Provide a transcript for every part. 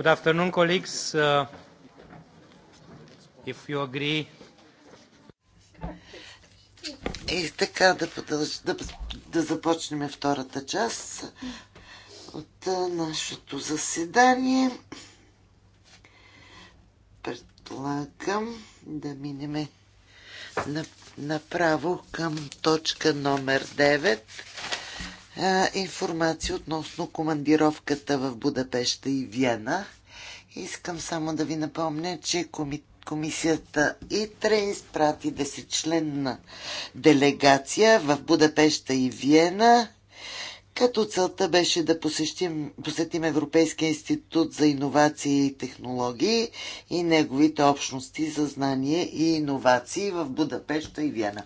Good afternoon, colleagues. Uh, if you agree. И така да, продълж, да, да започнем втората част от нашето заседание. Предлагам да минеме направо към точка номер 9 информация относно командировката в Будапеща и Виена. Искам само да ви напомня, че комисията комисията ИТРЕ изпрати 10-членна делегация в Будапеща и Виена, като целта беше да посещим, посетим Европейския институт за иновации и технологии и неговите общности за знание и иновации в Будапеща и Виена.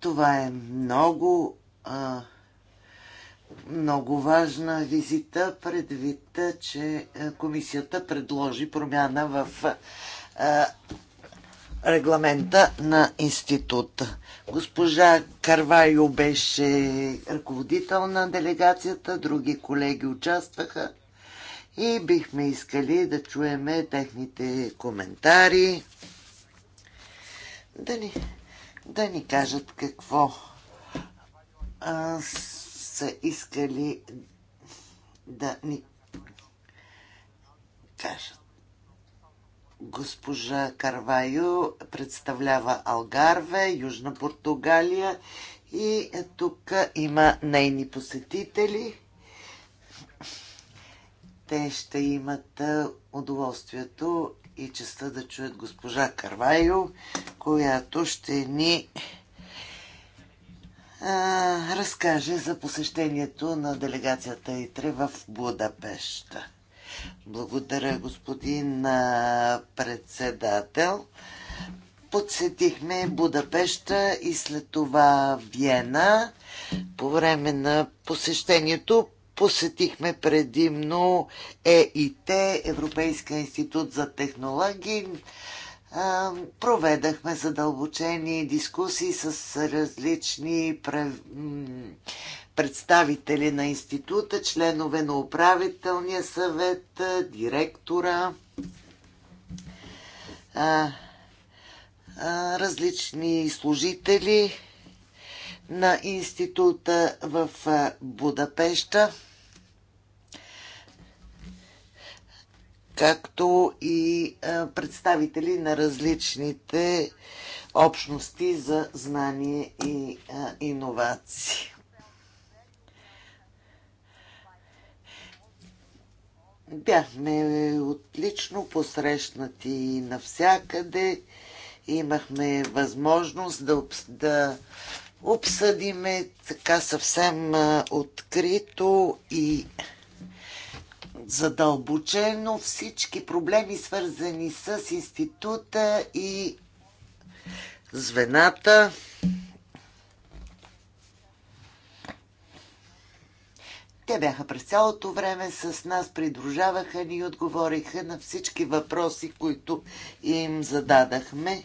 Това е много а, много важна визита, предвид, че е, комисията предложи промяна в е, регламента на института. Госпожа Карвайо беше ръководител на делегацията, други колеги участваха и бихме искали да чуеме техните коментари, да ни, да ни кажат какво а, са искали да ни кажат. Госпожа Карвайо представлява Алгарве, Южна Португалия и тук има нейни посетители. Те ще имат удоволствието и честа да чуят госпожа Карвайо, която ще ни разкаже за посещението на делегацията ИТРЕ в Будапешта. Благодаря, господин а, председател. Подсетихме Будапешта и след това Виена. По време на посещението посетихме предимно ЕИТ, Европейска институт за технологии, проведахме задълбочени дискусии с различни представители на института, членове на управителния съвет, директора, различни служители на института в Будапеща. както и представители на различните общности за знание и иновации. Бяхме отлично посрещнати навсякъде. Имахме възможност да, да обсъдиме така съвсем открито и задълбочено всички проблеми, свързани с института и звената. Те бяха през цялото време с нас, придружаваха ни и отговориха на всички въпроси, които им зададахме.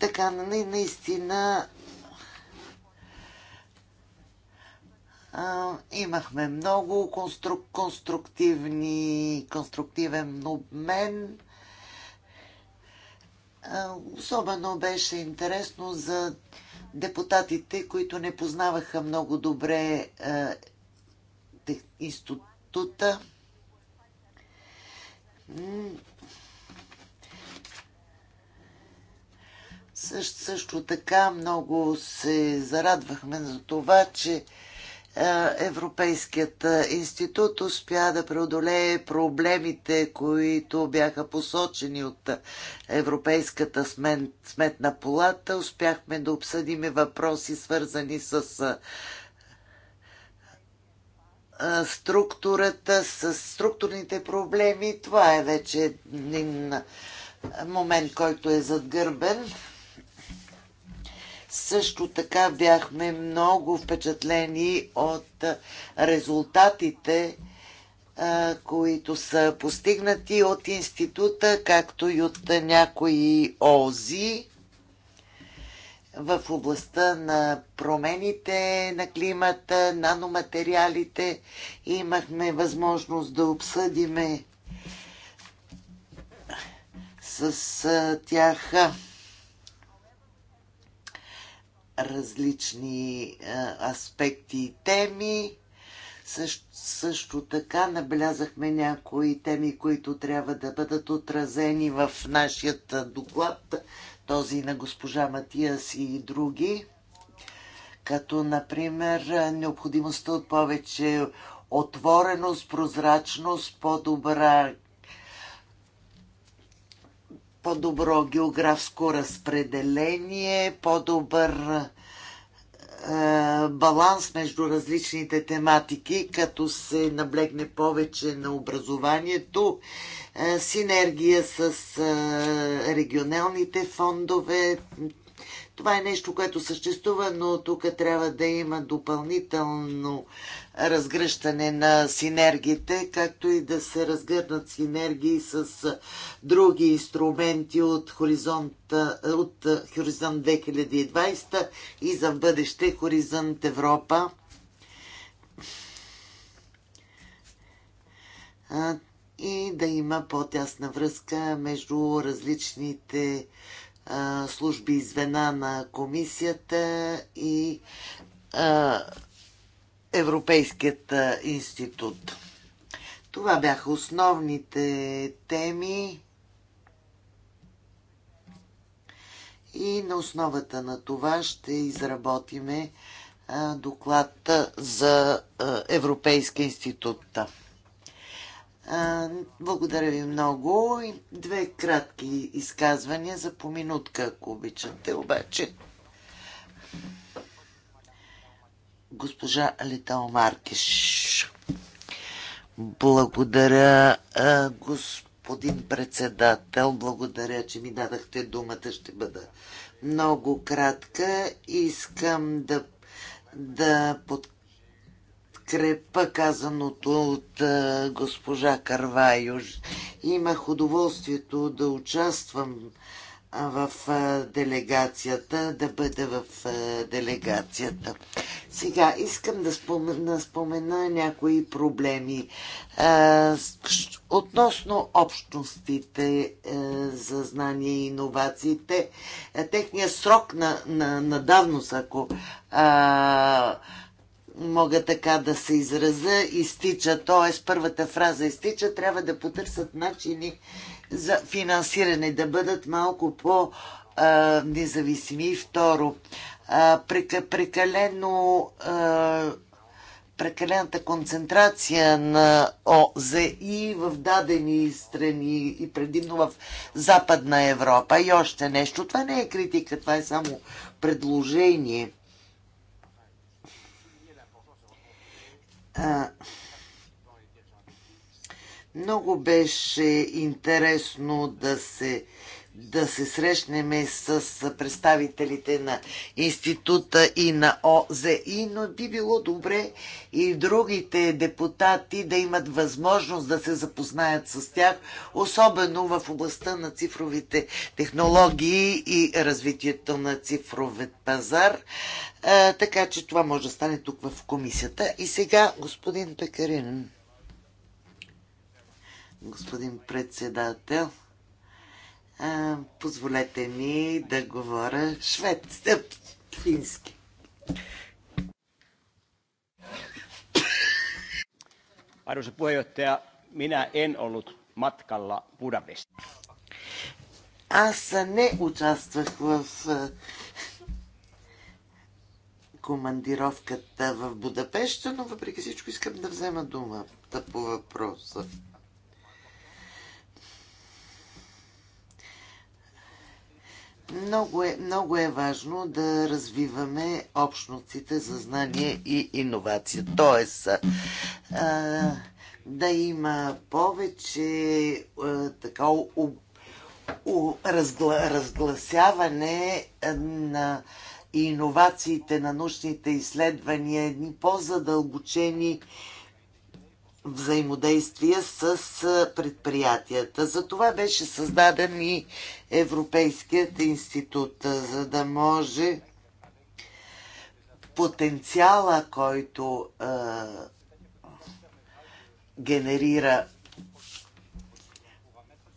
Така, наистина имахме много констру- конструктивни, конструктивен обмен. Особено беше интересно за депутатите, които не познаваха много добре института. Също, също така много се зарадвахме за това, че е, Европейският е, институт успя да преодолее проблемите, които бяха посочени от е, Европейската сметна палата. Успяхме да обсъдиме въпроси, свързани с структурата, с структурните проблеми. Това е вече един момент, който е задгърбен. Също така бяхме много впечатлени от резултатите, които са постигнати от института, както и от някои ОЗИ в областта на промените на климата, наноматериалите. Имахме възможност да обсъдиме с тях различни аспекти и теми. Също, също така набелязахме някои теми, които трябва да бъдат отразени в нашия доклад, този на госпожа Матиас и други, като например необходимостта от повече отвореност, прозрачност, по-добра по-добро географско разпределение, по-добър е, баланс между различните тематики, като се наблегне повече на образованието, е, синергия с е, регионалните фондове. Това е нещо, което съществува, но тук трябва да има допълнително разгръщане на синергите, както и да се разгърнат синергии с други инструменти от Хоризонт, от Хоризонт 2020 и за бъдеще Хоризонт Европа. И да има по-тясна връзка между различните служби и звена на комисията и Европейският институт. Това бяха основните теми. И на основата на това ще изработиме доклад за Европейска институт. Благодаря ви много. Две кратки изказвания за по минутка, ако обичате, обаче. Госпожа Алитал Маркиш, Благодаря, господин председател. Благодаря, че ми дадахте думата. Ще бъда много кратка. Искам да, да подкрепа казаното от госпожа Карвайош. Имах удоволствието да участвам в делегацията, да бъде в делегацията. Сега искам да спомена, спомена някои проблеми относно общностите за знания и иновациите, техния срок на, на, на давност, ако а, мога така да се израза, изтича, т.е. първата фраза изтича, трябва да потърсят начини за финансиране, да бъдат малко по-независими. И второ, прекалено прекалената концентрация на ОЗИ в дадени страни и предимно в Западна Европа. И още нещо. Това не е критика, това е само предложение. А, много беше интересно да се, да се срещнем с представителите на института и на ОЗИ, но би било добре и другите депутати да имат възможност да се запознаят с тях, особено в областта на цифровите технологии и развитието на цифровет пазар. А, така че това може да стане тук в комисията. И сега господин Пекарин господин председател. А, позволете ми да говоря шведски, фински. Arvoisa puheenjohtaja, minä en ollut matkalla Budapestiin. Аз не участвах в командировката в Будапеща, но въпреки всичко искам да взема думата по въпроса. Много е, много е важно да развиваме общностите за знание и иновация. Тоест, а, да има повече а, така у, у, разгла, разгласяване на иновациите на научните изследвания, едни по-задълбочени взаимодействие с предприятията. За това беше създаден и Европейският институт, за да може потенциала, който е, генерира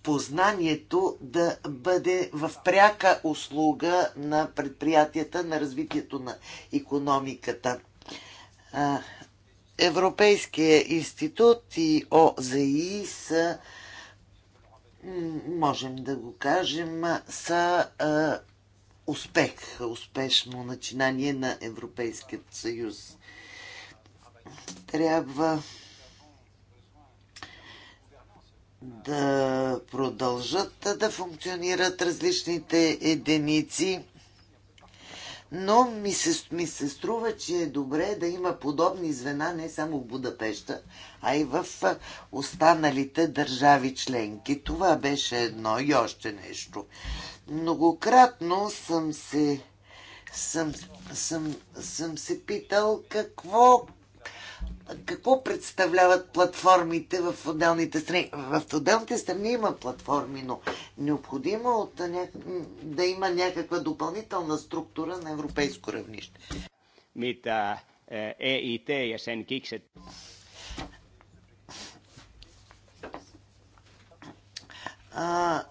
познанието да бъде в пряка услуга на предприятията, на развитието на економиката. Европейския институт и ОЗИ са, можем да го кажем, са а, успех, успешно начинание на Европейският съюз. Трябва да продължат да функционират различните единици но ми се, ми се струва, че е добре да има подобни звена не само в Будапеща, а и в останалите държави членки. Това беше едно и още нещо. Многократно съм се съм, съм, съм се питал какво какво представляват платформите в отделните страни. В отделните страни има платформи, но необходимо е от, да има някаква допълнителна структура на европейско равнище. Мита ЕИТ е и Сен Киксет. а,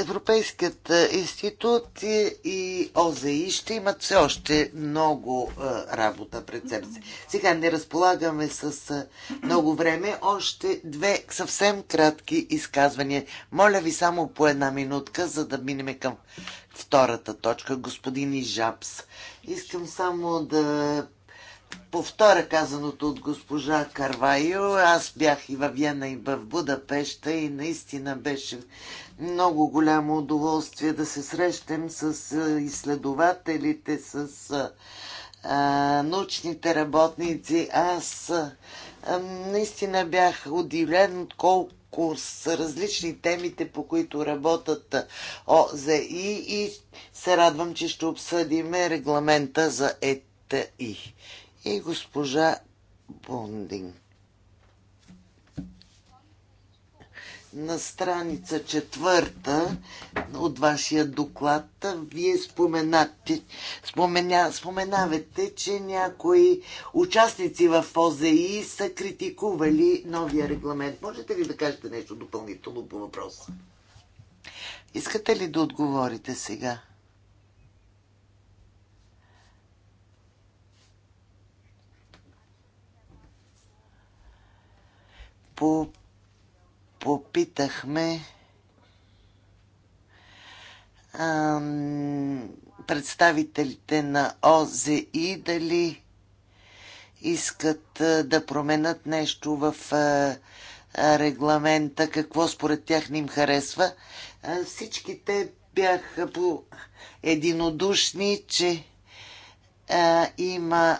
Европейският е, институт и ОЗИ ще имат все още много е, работа пред себе си. Сега не разполагаме с е, много време. Още две съвсем кратки изказвания. Моля ви само по една минутка, за да минем към втората точка. Господин Ижапс, искам само да повторя казаното от госпожа Карвайо. Аз бях и във Виена, и в Будапеща и наистина беше много голямо удоволствие да се срещам с изследователите, с а, научните работници. Аз а, наистина бях удивлен от колко с различни темите, по които работят ОЗИ и се радвам, че ще обсъдим регламента за ЕТИ и госпожа Бондин. На страница четвърта от вашия доклад вие споменате, спомена, споменавате, че някои участници в ОЗИ са критикували новия регламент. Можете ли да кажете нещо допълнително по въпроса? Искате ли да отговорите сега? по, попитахме ам, представителите на ОЗИ дали искат а, да променят нещо в а, регламента, какво според тях ни им харесва. А, всичките бяха по единодушни, че а, има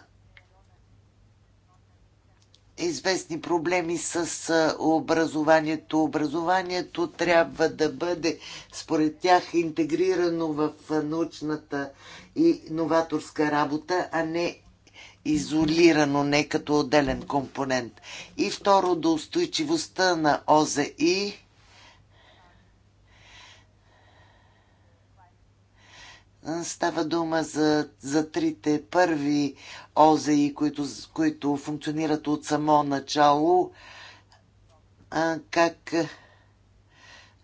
известни проблеми с образованието. Образованието трябва да бъде, според тях, интегрирано в научната и новаторска работа, а не изолирано, не като отделен компонент. И второ, до устойчивостта на ОЗИ Става дума за, за трите първи ОЗИ, които, които функционират от само начало. А, как,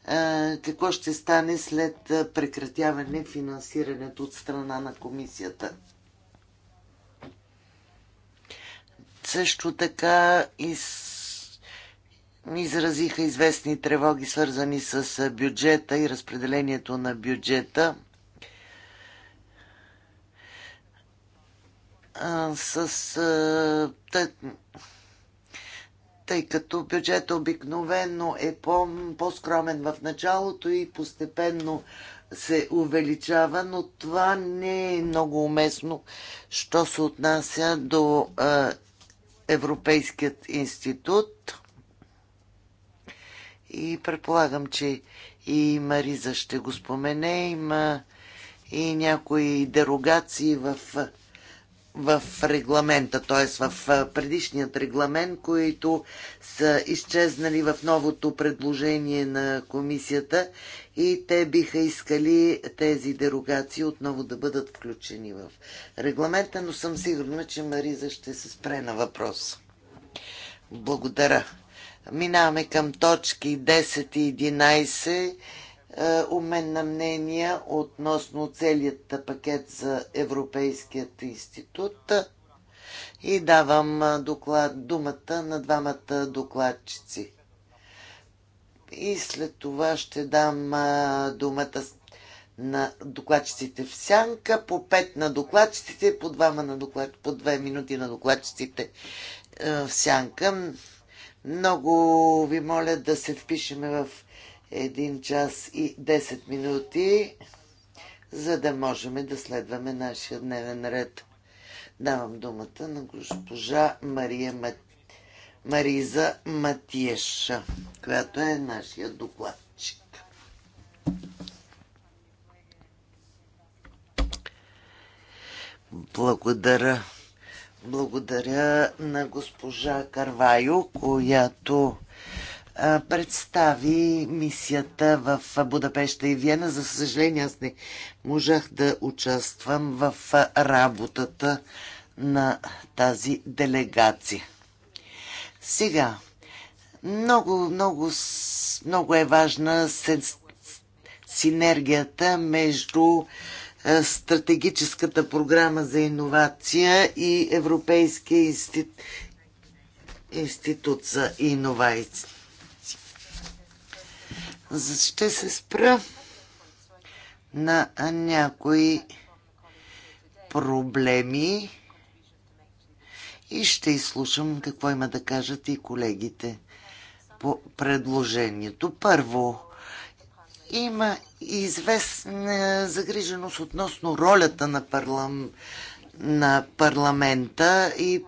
а, какво ще стане след прекратяване финансирането от страна на комисията? Също така из, изразиха известни тревоги, свързани с бюджета и разпределението на бюджета. а, с. А, тъ, тъй като бюджета обикновено е по, по-скромен в началото и постепенно се увеличава, но това не е много уместно, що се отнася до а, Европейският институт. И предполагам, че и Мариза ще го спомене. Има и някои дерогации в в регламента, т.е. в предишният регламент, които са изчезнали в новото предложение на комисията и те биха искали тези дерогации отново да бъдат включени в регламента, но съм сигурна, че Мариза ще се спре на въпроса. Благодаря. Минаваме към точки 10 и 11 е, обмен на мнения относно целият пакет за Европейският институт и давам е, доклад, думата на двамата докладчици. И след това ще дам е, думата на докладчиците в сянка, по пет на докладчиците, по двама на доклад, по две минути на докладчиците в сянка. Много ви моля да се впишеме в 1 час и 10 минути, за да можем да следваме нашия дневен ред. Давам думата на госпожа Мария Мат... Мариза Матиеша, която е нашия докладчик. Благодаря. Благодаря на госпожа Карвайо, която представи мисията в Будапеща и Виена. За съжаление, аз не можах да участвам в работата на тази делегация. Сега, много, много, много е важна синергията между стратегическата програма за иновация и Европейския институт, институт за иновации. Ще се спра на някои проблеми и ще изслушам какво има да кажат и колегите по предложението. Първо, има известна загриженост относно ролята на, парлам... на парламента и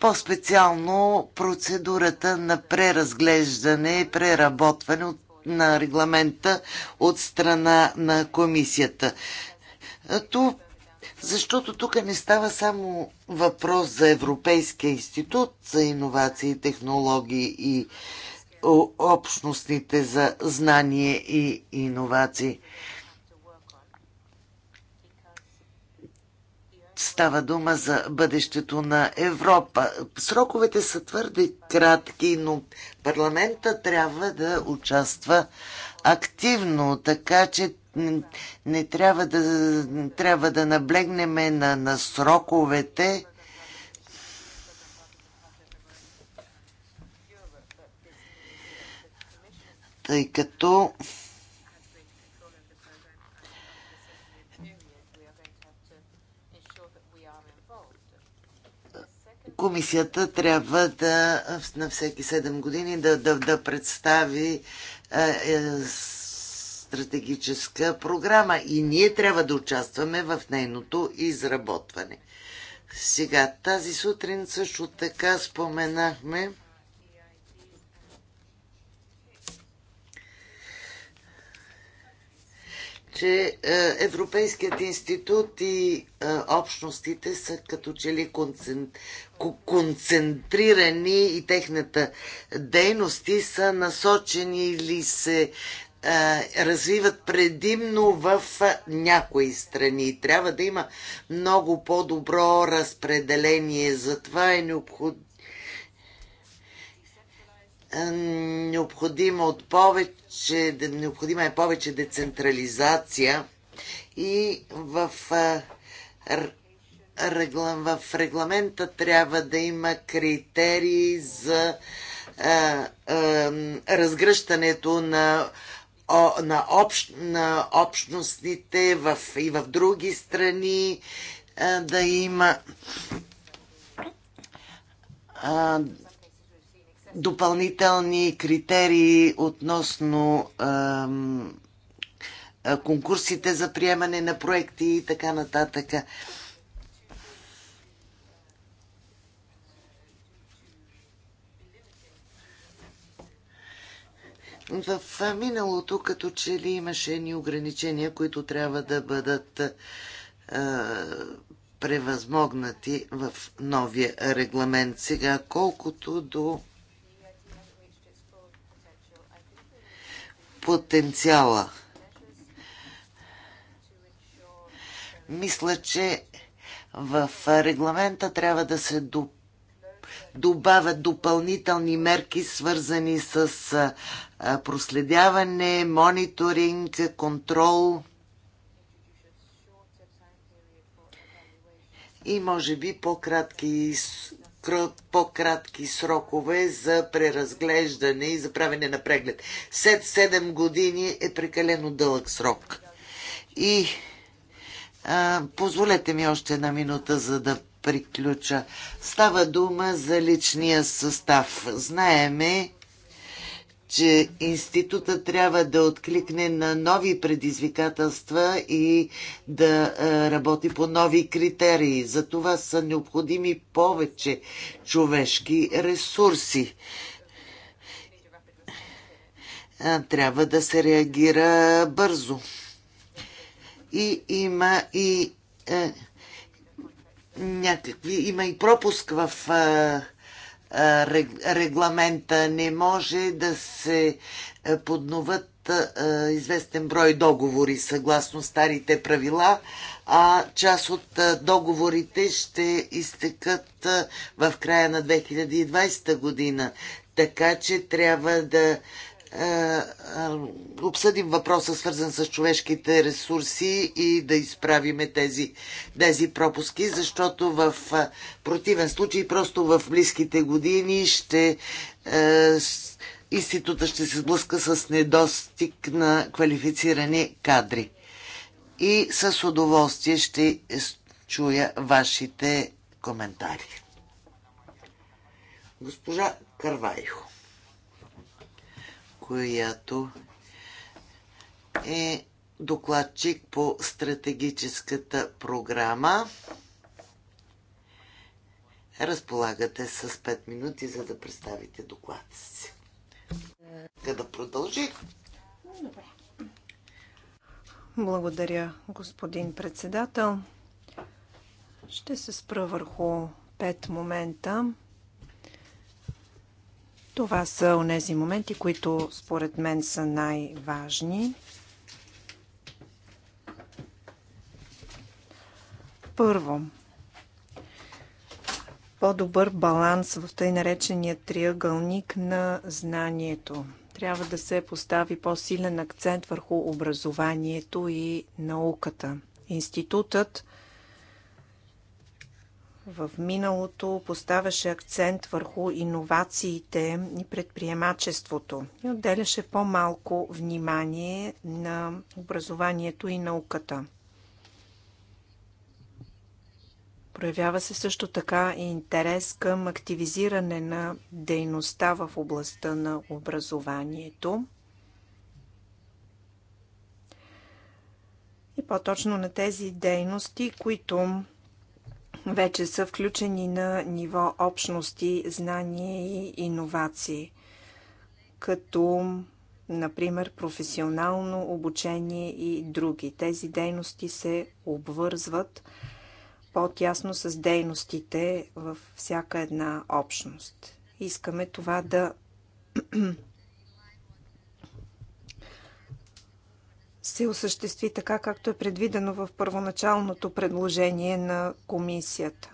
по-специално процедурата на преразглеждане и преработване от на регламента от страна на комисията. То, защото тук не става само въпрос за Европейския институт за иновации, технологии и общностните за знание и иновации. Става дума за бъдещето на Европа. Сроковете са твърде кратки, но парламента трябва да участва активно, така че не трябва да, трябва да наблегнем на, на сроковете. Тъй като комисията трябва да на всеки 7 години да, да, да представи а, е, е, стратегическа програма и ние трябва да участваме в нейното изработване. Сега, тази сутрин също така споменахме че е, Европейският институт и е, общностите са като че ли концентрирани и техната дейности са насочени или се е, развиват предимно в някои страни. Трябва да има много по-добро разпределение. Затова е необходимо необходима, от повече, необходима е повече децентрализация и в, в регламента трябва да има критерии за а, а, разгръщането на на, общ, на общностите в, и в други страни да има допълнителни критерии относно а, конкурсите за приемане на проекти и така нататък. В миналото като че ли имаше ни ограничения, които трябва да бъдат а, превъзмогнати в новия регламент. Сега, колкото до потенциала. Мисля, че в регламента трябва да се добавят допълнителни мерки, свързани с проследяване, мониторинг, контрол и може би по-кратки по-кратки срокове за преразглеждане и за правене на преглед. След 7 години е прекалено дълъг срок. И а, позволете ми още една минута, за да приключа. Става дума за личния състав. Знаеме, че института трябва да откликне на нови предизвикателства и да е, работи по нови критерии. За това са необходими повече човешки ресурси. Е, трябва да се реагира бързо. И има и е, някакви, има и пропуск в е, регламента не може да се подноват известен брой договори съгласно старите правила, а част от договорите ще изтекат в края на 2020 година. Така че трябва да е, е, обсъдим въпроса, свързан с човешките ресурси и да изправиме тези, тези пропуски, защото в е, противен случай, просто в близките години ще института ще се сблъска с недостиг на квалифицирани кадри. И с удоволствие ще чуя вашите коментари. Госпожа Карвайхо която е докладчик по стратегическата програма. Разполагате с 5 минути, за да представите доклада си. Да да продължи. Добре. Благодаря, господин председател. Ще се спра върху пет момента, това са онези моменти, които според мен са най-важни. Първо, по-добър баланс в тъй наречения триъгълник на знанието. Трябва да се постави по-силен акцент върху образованието и науката. Институтът – в миналото поставяше акцент върху иновациите и предприемачеството и отделяше по-малко внимание на образованието и науката. Проявява се също така и интерес към активизиране на дейността в областта на образованието. И по-точно на тези дейности, които вече са включени на ниво общности, знания и иновации, като например професионално обучение и други. Тези дейности се обвързват по-тясно с дейностите във всяка една общност. Искаме това да се осъществи така, както е предвидено в първоначалното предложение на комисията.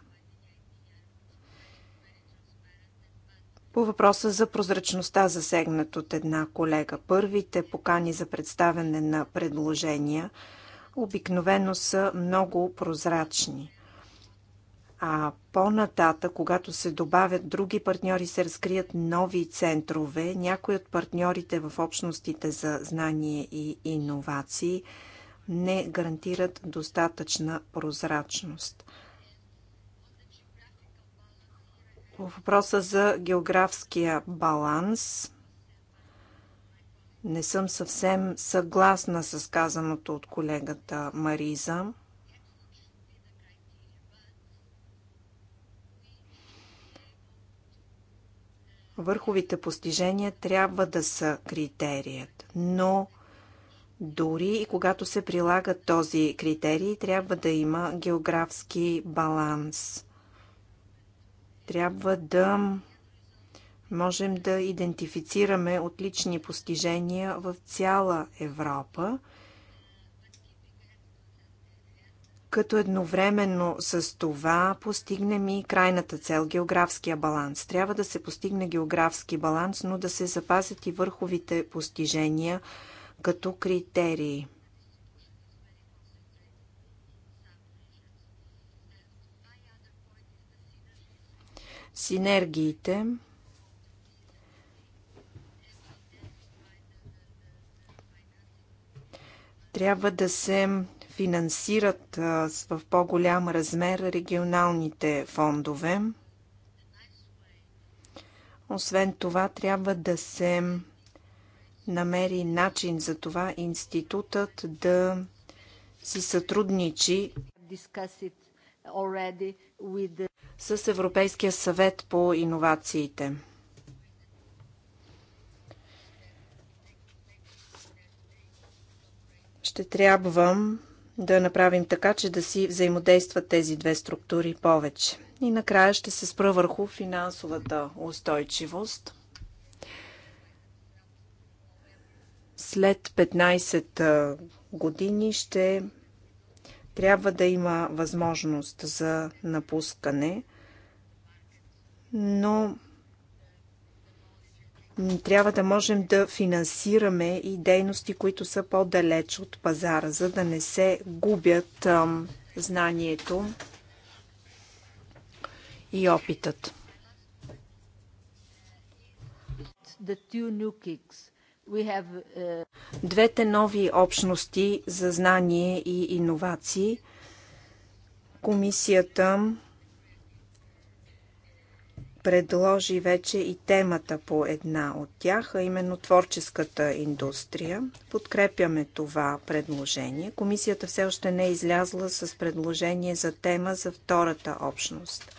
По въпроса за прозрачността, засегнат от една колега, първите покани за представяне на предложения обикновено са много прозрачни. А по-нататък, когато се добавят други партньори, се разкрият нови центрове. Някои от партньорите в общностите за знание и иновации не гарантират достатъчна прозрачност. По въпроса за географския баланс, не съм съвсем съгласна с казаното от колегата Мариза. Върховите постижения трябва да са критерият, но дори и когато се прилага този критерий, трябва да има географски баланс. Трябва да можем да идентифицираме отлични постижения в цяла Европа – като едновременно с това постигнем и крайната цел географския баланс. Трябва да се постигне географски баланс, но да се запазят и върховите постижения като критерии. Синергиите трябва да се финансират в по-голям размер регионалните фондове. Освен това, трябва да се намери начин за това институтът да си сътрудничи с Европейския съвет по иновациите. Ще трябва да направим така, че да си взаимодействат тези две структури повече. И накрая ще се спра върху финансовата устойчивост. След 15 години ще трябва да има възможност за напускане, но трябва да можем да финансираме и дейности, които са по-далеч от пазара, за да не се губят знанието и опитът. Uh, Двете нови общности за знание и иновации. Комисията предложи вече и темата по една от тях, а именно творческата индустрия. Подкрепяме това предложение. Комисията все още не е излязла с предложение за тема за втората общност.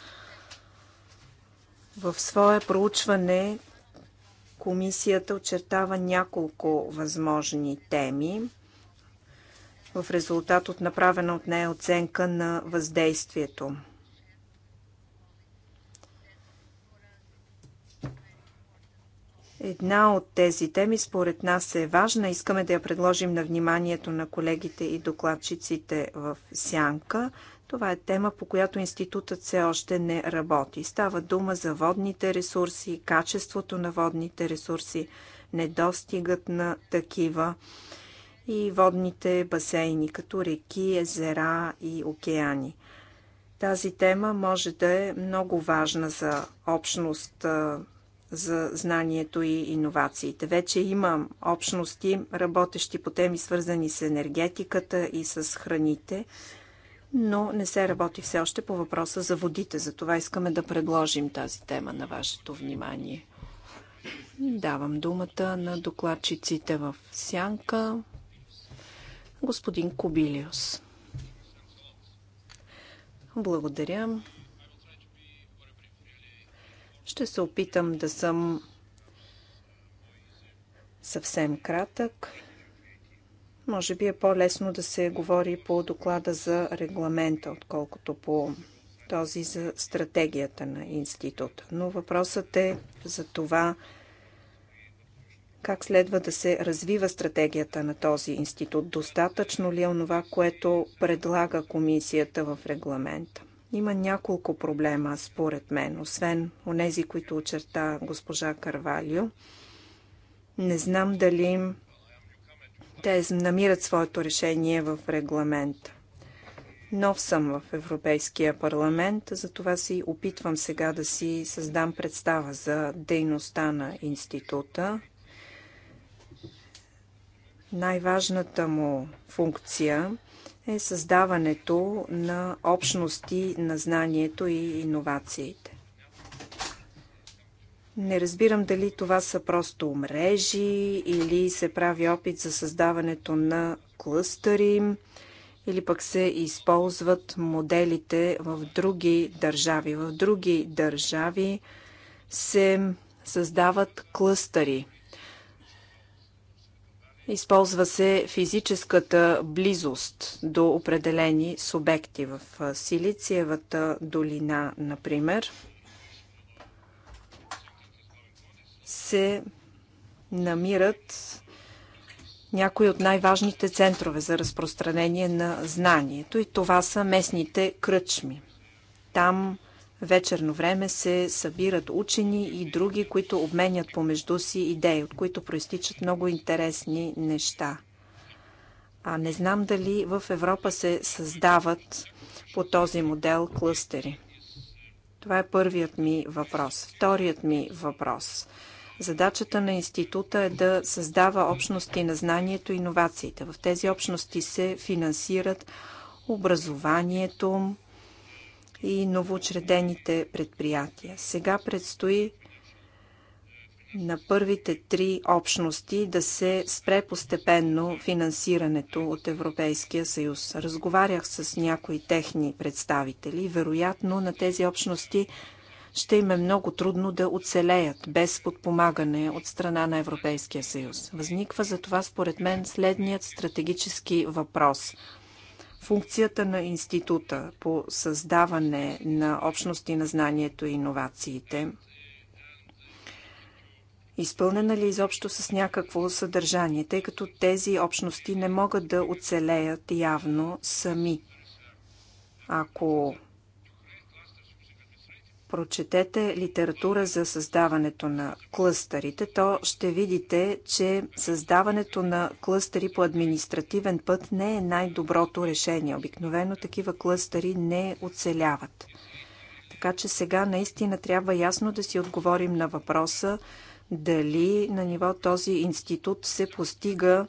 В свое проучване комисията очертава няколко възможни теми в резултат от направена от нея оценка на въздействието. Една от тези теми според нас е важна. Искаме да я предложим на вниманието на колегите и докладчиците в Сянка. Това е тема, по която институтът все още не работи. Става дума за водните ресурси, качеството на водните ресурси, недостигът на такива и водните басейни, като реки, езера и океани. Тази тема може да е много важна за общност за знанието и иновациите. Вече има общности, работещи по теми свързани с енергетиката и с храните, но не се работи все още по въпроса за водите. Затова искаме да предложим тази тема на вашето внимание. Давам думата на докладчиците в Сянка. Господин Кобилиус. Благодаря. Ще се опитам да съм съвсем кратък. Може би е по-лесно да се говори по доклада за регламента, отколкото по този за стратегията на института. Но въпросът е за това как следва да се развива стратегията на този институт. Достатъчно ли е онова, което предлага комисията в регламента? Има няколко проблема, според мен, освен онези, които очерта госпожа Карвалио. Не знам дали те намират своето решение в регламента. Нов съм в Европейския парламент, затова си опитвам сега да си създам представа за дейността на института. Най-важната му функция е създаването на общности на знанието и иновациите. Не разбирам дали това са просто мрежи или се прави опит за създаването на клъстъри или пък се използват моделите в други държави. В други държави се създават клъстъри – Използва се физическата близост до определени субекти в Силициевата долина, например. Се намират някои от най-важните центрове за разпространение на знанието и това са местните кръчми. Там вечерно време се събират учени и други, които обменят помежду си идеи, от които проистичат много интересни неща. А не знам дали в Европа се създават по този модел клъстери. Това е първият ми въпрос. Вторият ми въпрос. Задачата на института е да създава общности на знанието и иновациите. В тези общности се финансират образованието, и новоочредените предприятия. Сега предстои на първите три общности да се спре постепенно финансирането от Европейския съюз. Разговарях с някои техни представители. Вероятно на тези общности ще им е много трудно да оцелеят без подпомагане от страна на Европейския съюз. Възниква за това според мен следният стратегически въпрос – функцията на института по създаване на общности на знанието и иновациите? Изпълнена ли е изобщо с някакво съдържание, тъй като тези общности не могат да оцелеят явно сами? Ако прочетете литература за създаването на клъстерите, то ще видите, че създаването на клъстери по административен път не е най-доброто решение. Обикновено такива клъстери не оцеляват. Така че сега наистина трябва ясно да си отговорим на въпроса дали на ниво този институт се постига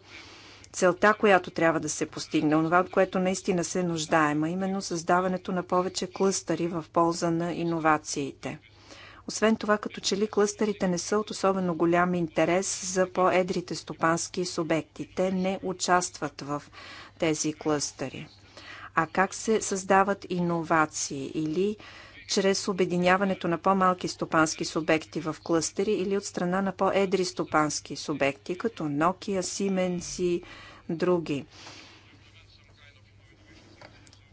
целта, която трябва да се постигне, онова, от което наистина се нуждаем, а именно създаването на повече клъстъри в полза на иновациите. Освен това, като че ли клъстерите не са от особено голям интерес за по-едрите стопански субекти. Те не участват в тези клъстери. А как се създават иновации или чрез обединяването на по-малки стопански субекти в клъстери или от страна на по-едри стопански субекти, като Nokia, Siemens и други.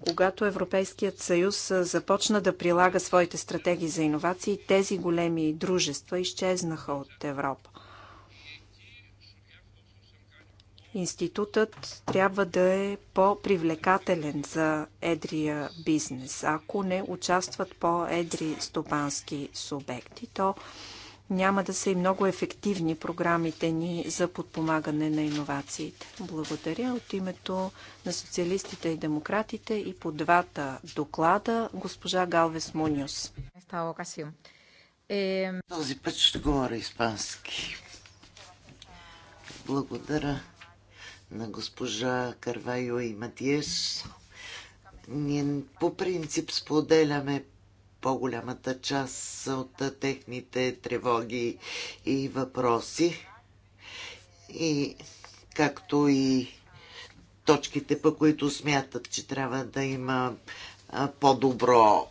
Когато Европейският съюз започна да прилага своите стратегии за иновации, тези големи дружества изчезнаха от Европа. институтът трябва да е по-привлекателен за едрия бизнес. Ако не участват по-едри стопански субекти, то няма да са и много ефективни програмите ни за подпомагане на иновациите. Благодаря от името на социалистите и демократите и по двата доклада госпожа Галвес Муниус. Е, Този път ще говоря испански. Благодаря на госпожа Карвайо и Матиеш. Ние по принцип споделяме по-голямата част от техните тревоги и въпроси. И както и точките, по които смятат, че трябва да има по-добро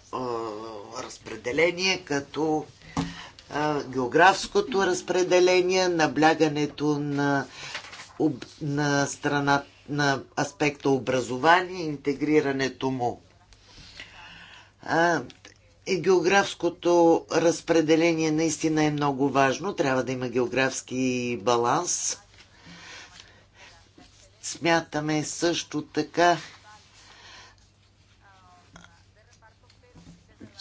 разпределение, като географското разпределение, наблягането на об, на страна на аспекта образование, интегрирането му. А, и географското разпределение наистина е много важно. Трябва да има географски баланс. Смятаме също така,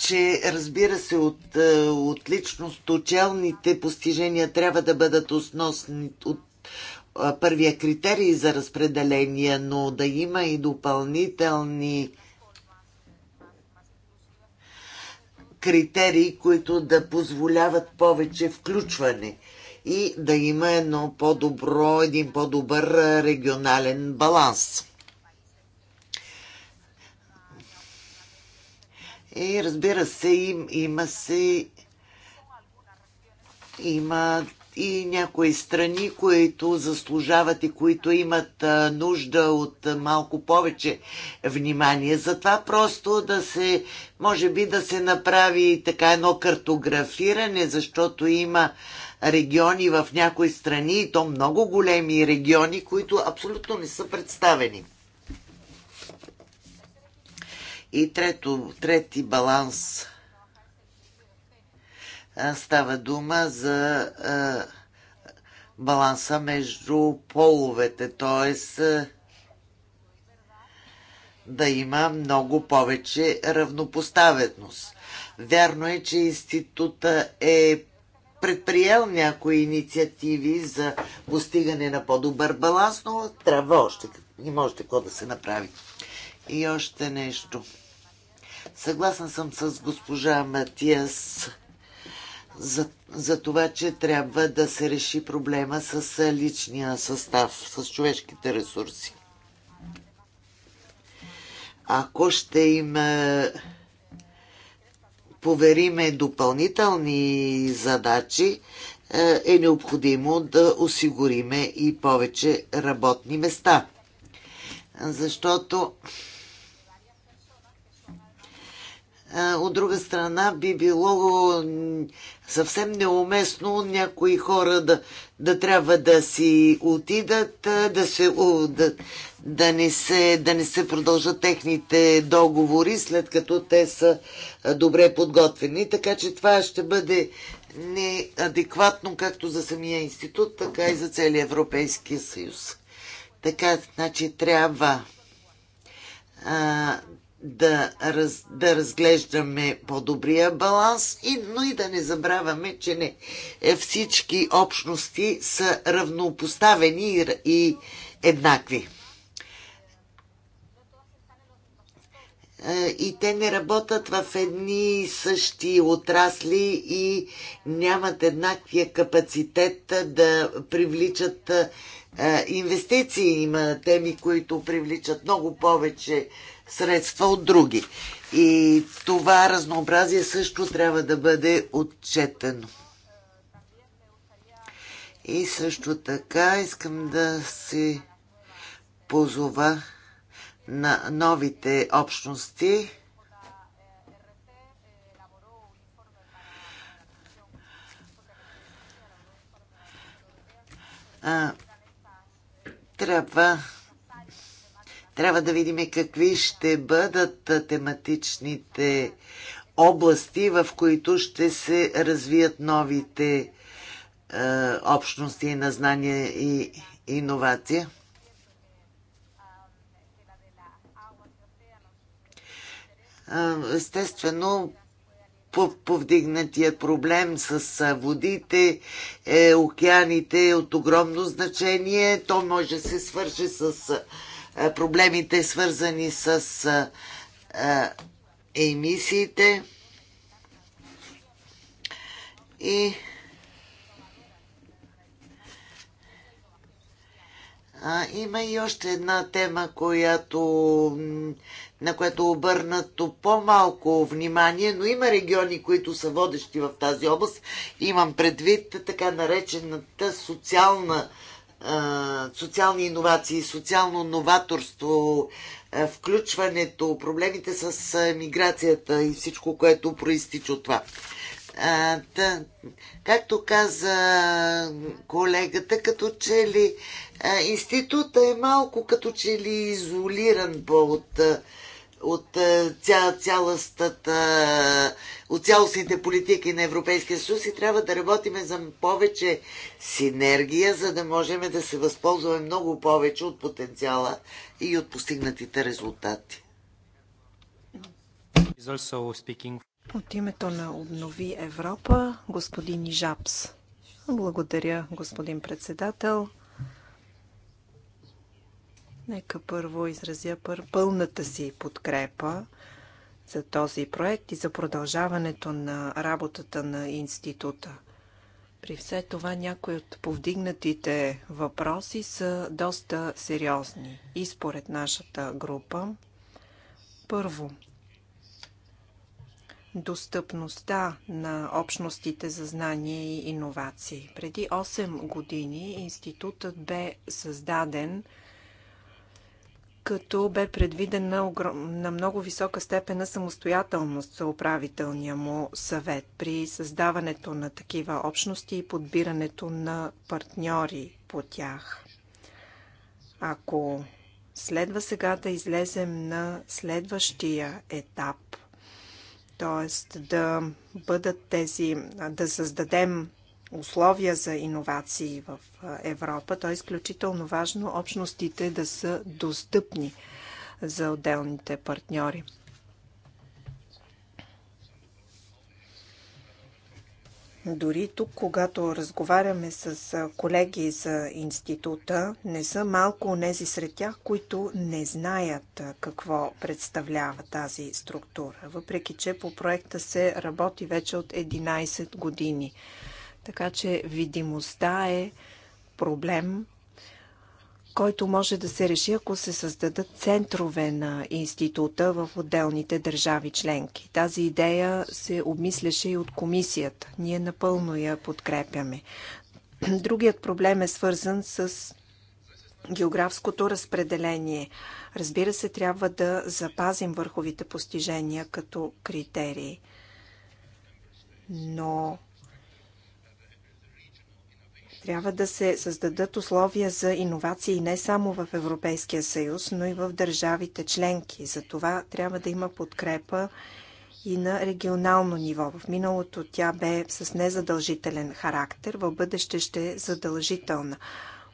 че разбира се от, е, от личност, челните постижения трябва да бъдат основни, от първия критерий за разпределение, но да има и допълнителни критерии, които да позволяват повече включване и да има едно по-добро, един по-добър регионален баланс. И разбира се, им, има се има и някои страни, които заслужават и които имат нужда от малко повече внимание. Затова просто да се, може би да се направи така едно картографиране, защото има региони в някои страни, и то много големи региони, които абсолютно не са представени. И трето, трети баланс – става дума за баланса между половете, т.е. да има много повече равнопоставеност. Вярно е, че института е предприел някои инициативи за постигане на по-добър баланс, но трябва още и може какво да се направи. И още нещо. Съгласна съм с госпожа Матиас за, за това, че трябва да се реши проблема с личния състав, с човешките ресурси. Ако ще им повериме допълнителни задачи, е необходимо да осигуриме и повече работни места. Защото от друга страна би било съвсем неуместно някои хора да, да трябва да си отидат, да, се, да, да, не се, да не се продължат техните договори, след като те са добре подготвени. Така че това ще бъде неадекватно както за самия институт, така и за целия Европейския съюз. Така, значи трябва а, да, раз, да разглеждаме по-добрия баланс, и, но и да не забравяме, че не е, всички общности са равнопоставени и, и еднакви. Е, и те не работят в едни и същи отрасли и нямат еднаквия капацитет е, да привличат инвестиции. Има теми, които привличат много повече средства от други. И това разнообразие също трябва да бъде отчетено. И също така искам да се позова на новите общности. А, трябва трябва да видим какви ще бъдат тематичните области, в които ще се развият новите е, общности на знания и иновация. Естествено, повдигнатия проблем с водите, е, океаните е от огромно значение. То може да се свърже с проблемите свързани с емисиите и А, има и още една тема, която, на която обърнато по-малко внимание, но има региони, които са водещи в тази област. Имам предвид така наречената социална социални иновации, социално новаторство, включването, проблемите с миграцията и всичко, което проистича от това. А, да, както каза колегата, като че ли а, института е малко като че ли изолиран по от от е, ця, цялостата, от цялостните политики на Европейския съюз и трябва да работиме за повече синергия, за да можем да се възползваме много повече от потенциала и от постигнатите резултати. От името на Обнови Европа, господин Ижапс. Благодаря, господин председател. Нека първо изразя пълната си подкрепа за този проект и за продължаването на работата на института. При все това някои от повдигнатите въпроси са доста сериозни и според нашата група. Първо, достъпността на общностите за знания и иновации. Преди 8 години институтът бе създаден – като бе предвидена огром... на много висока степен на самостоятелност за управителния му съвет при създаването на такива общности и подбирането на партньори по тях. Ако следва сега да излезем на следващия етап, т.е. да бъдат тези, да създадем условия за иновации в Европа, то е изключително важно общностите да са достъпни за отделните партньори. Дори тук, когато разговаряме с колеги за института, не са малко онези сред тях, които не знаят какво представлява тази структура, въпреки че по проекта се работи вече от 11 години. Така че видимостта е проблем, който може да се реши, ако се създадат центрове на института в отделните държави членки. Тази идея се обмисляше и от комисията. Ние напълно я подкрепяме. Другият проблем е свързан с географското разпределение. Разбира се, трябва да запазим върховите постижения като критерии. Но трябва да се създадат условия за иновации не само в Европейския съюз, но и в държавите членки. За това трябва да има подкрепа и на регионално ниво. В миналото тя бе с незадължителен характер, в бъдеще ще е задължителна.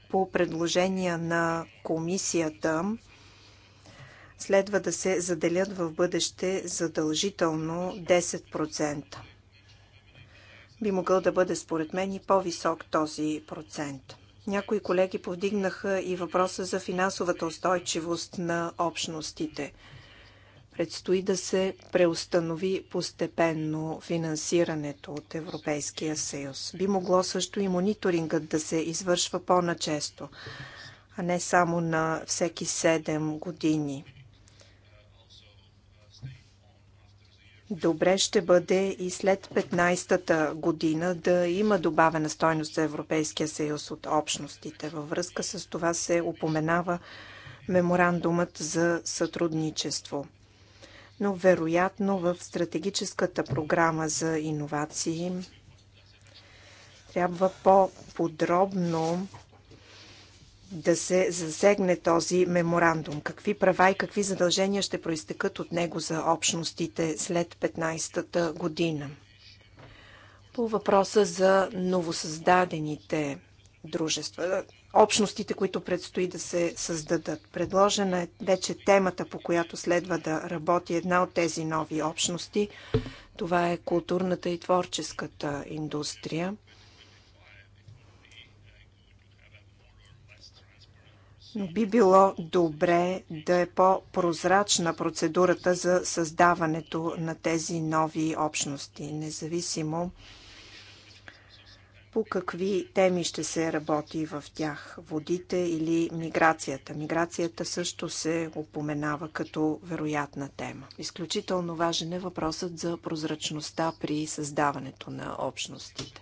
По предложения на комисията следва да се заделят в бъдеще задължително 10% би могъл да бъде според мен и по-висок този процент. Някои колеги повдигнаха и въпроса за финансовата устойчивост на общностите. Предстои да се преустанови постепенно финансирането от Европейския съюз. Би могло също и мониторингът да се извършва по-начесто, а не само на всеки 7 години. Добре ще бъде и след 15-та година да има добавена стойност за Европейския съюз от общностите. Във връзка с това се упоменава меморандумът за сътрудничество. Но вероятно в стратегическата програма за иновации трябва по-подробно да се засегне този меморандум? Какви права и какви задължения ще проистекат от него за общностите след 15-та година? По въпроса за новосъздадените дружества, общностите, които предстои да се създадат. Предложена е вече темата, по която следва да работи една от тези нови общности. Това е културната и творческата индустрия. Би било добре да е по-прозрачна процедурата за създаването на тези нови общности, независимо по какви теми ще се работи в тях. Водите или миграцията. Миграцията също се упоменава като вероятна тема. Изключително важен е въпросът за прозрачността при създаването на общностите.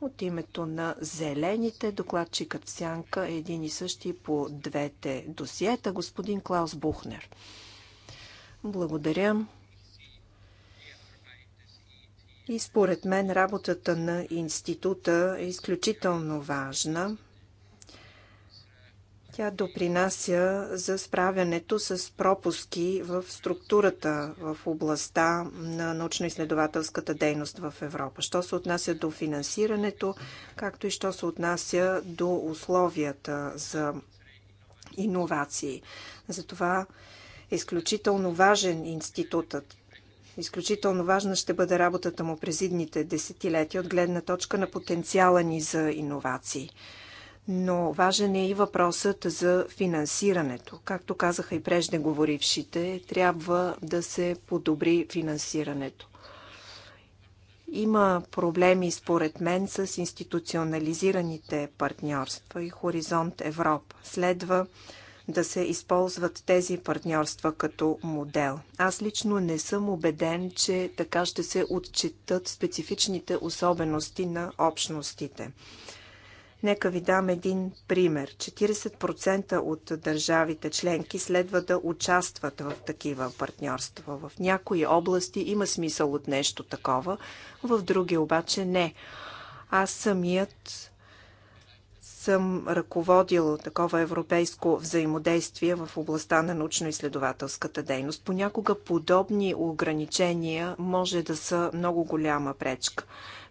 От името на зелените докладчикът в сянка е един и същи по двете досиета, господин Клаус Бухнер. Благодаря. И според мен работата на института е изключително важна. Тя допринася за справянето с пропуски в структурата в областта на научно-изследователската дейност в Европа. Що се отнася до финансирането, както и що се отнася до условията за иновации. Затова е изключително важен институтът. Изключително важна ще бъде работата му през идните десетилетия от гледна точка на потенциала ни за иновации. Но важен е и въпросът за финансирането. Както казаха и преждеговорившите, трябва да се подобри финансирането. Има проблеми, според мен, с институционализираните партньорства и Хоризонт Европа. Следва да се използват тези партньорства като модел. Аз лично не съм убеден, че така ще се отчитат специфичните особености на общностите. Нека ви дам един пример. 40% от държавите членки следва да участват в такива партньорства. В някои области има смисъл от нещо такова, в други обаче не. Аз самият съм ръководил такова европейско взаимодействие в областта на научно-изследователската дейност. Понякога подобни ограничения може да са много голяма пречка.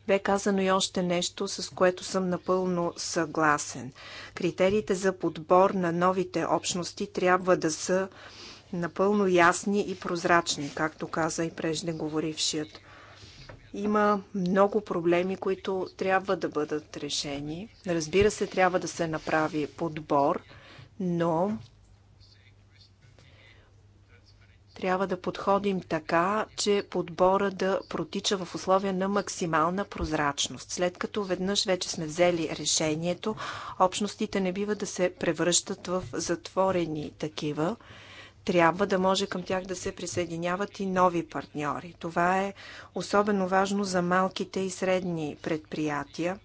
Бе казано и още нещо, с което съм напълно съгласен. Критериите за подбор на новите общности трябва да са напълно ясни и прозрачни, както каза и преждеговорившият. Има много проблеми, които трябва да бъдат решени. Разбира се, трябва да се направи подбор, но трябва да подходим така, че подбора да протича в условия на максимална прозрачност. След като веднъж вече сме взели решението, общностите не бива да се превръщат в затворени такива. Трябва да може към тях да се присъединяват и нови партньори. Това е особено важно за малките и средни предприятия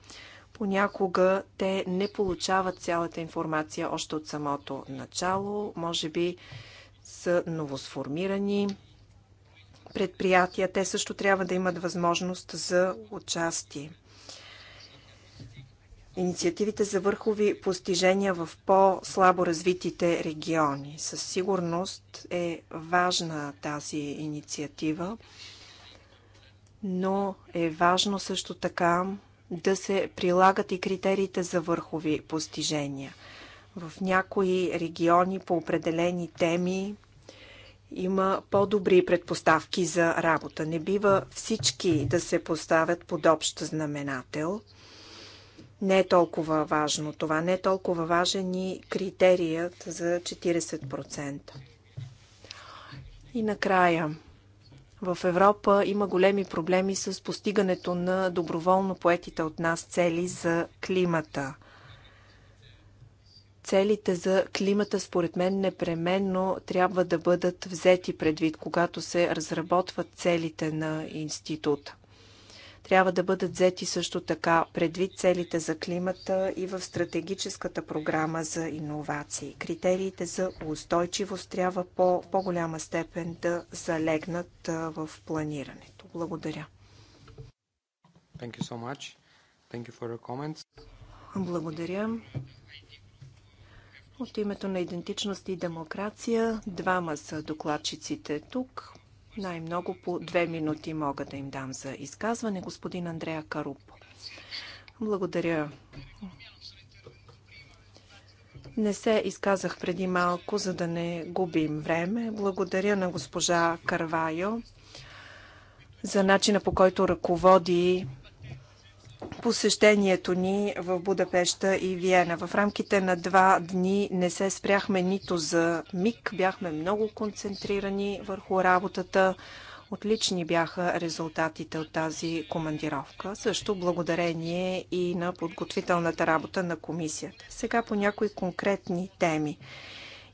понякога те не получават цялата информация още от самото начало. Може би са новосформирани предприятия. Те също трябва да имат възможност за участие. Инициативите за върхови постижения в по-слабо развитите региони. Със сигурност е важна тази инициатива, но е важно също така да се прилагат и критериите за върхови постижения. В някои региони по определени теми има по-добри предпоставки за работа. Не бива всички да се поставят под общ знаменател. Не е толкова важно това, не е толкова важен и критерият за 40%. И накрая, в Европа има големи проблеми с постигането на доброволно поетите от нас цели за климата целите за климата, според мен, непременно трябва да бъдат взети предвид, когато се разработват целите на института. Трябва да бъдат взети също така предвид целите за климата и в стратегическата програма за иновации. Критериите за устойчивост трябва по по-голяма степен да залегнат в планирането. Благодаря. Thank you so much. Thank you for your comments. Благодаря. От името на идентичност и демокрация двама са докладчиците тук. Най-много по две минути мога да им дам за изказване. Господин Андрея Каруп. Благодаря. Не се изказах преди малко, за да не губим време. Благодаря на госпожа Карвайо за начина по който ръководи посещението ни в Будапеща и Виена. В рамките на два дни не се спряхме нито за миг. Бяхме много концентрирани върху работата. Отлични бяха резултатите от тази командировка, също благодарение и на подготвителната работа на комисията. Сега по някои конкретни теми.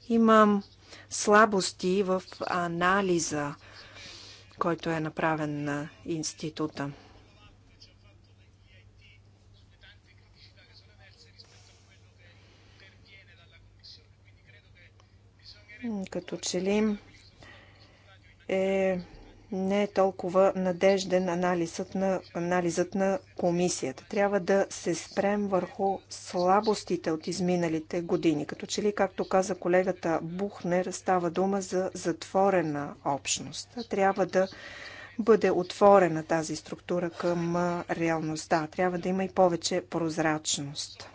Имам слабости в анализа, който е направен на института. като че ли е не е толкова надежден анализът на, анализът на комисията. Трябва да се спрем върху слабостите от изминалите години. Като че ли, както каза колегата Бухнер, става дума за затворена общност. Трябва да бъде отворена тази структура към реалността. Трябва да има и повече прозрачност.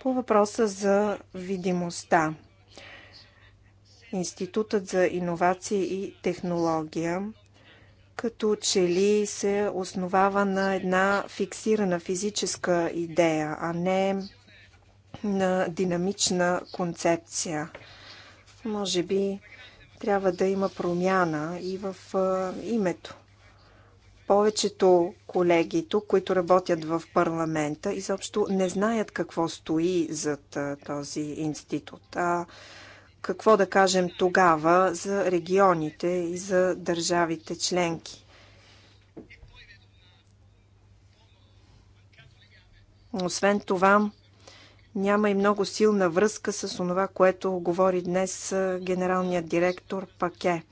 По въпроса за видимостта. Институтът за иновации и технология като че ли се основава на една фиксирана физическа идея, а не на динамична концепция. Може би трябва да има промяна и в името. Повечето колеги тук, които работят в парламента, изобщо не знаят какво стои зад този институт. А какво да кажем тогава за регионите и за държавите членки? Освен това, няма и много силна връзка с това, което говори днес генералният директор Паке.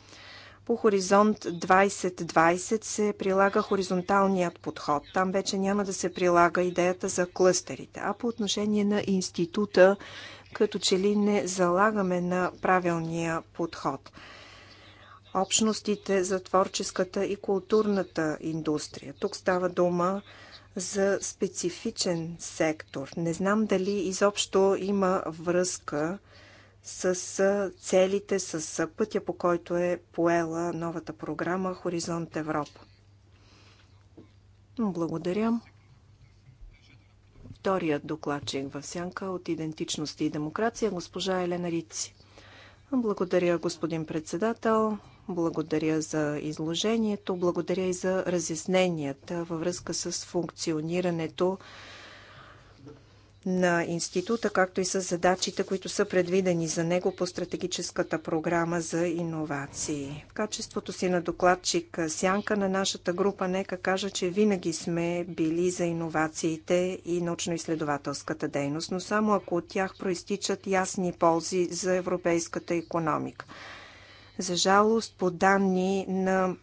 По хоризонт 2020 се прилага хоризонталният подход. Там вече няма да се прилага идеята за клъстерите. А по отношение на института като че ли не залагаме на правилния подход. Общностите за творческата и културната индустрия. Тук става дума за специфичен сектор. Не знам дали изобщо има връзка с целите, с пътя, по който е поела новата програма Хоризонт Европа. Благодаря вторият докладчик в сянка от Идентичност и демокрация, госпожа Елена Рици. Благодаря, господин председател. Благодаря за изложението. Благодаря и за разясненията във връзка с функционирането на института, както и с задачите, които са предвидени за него по стратегическата програма за иновации. В качеството си на докладчик Сянка на нашата група, нека кажа, че винаги сме били за иновациите и научно-изследователската дейност, но само ако от тях проистичат ясни ползи за европейската економика. За жалост, по данни на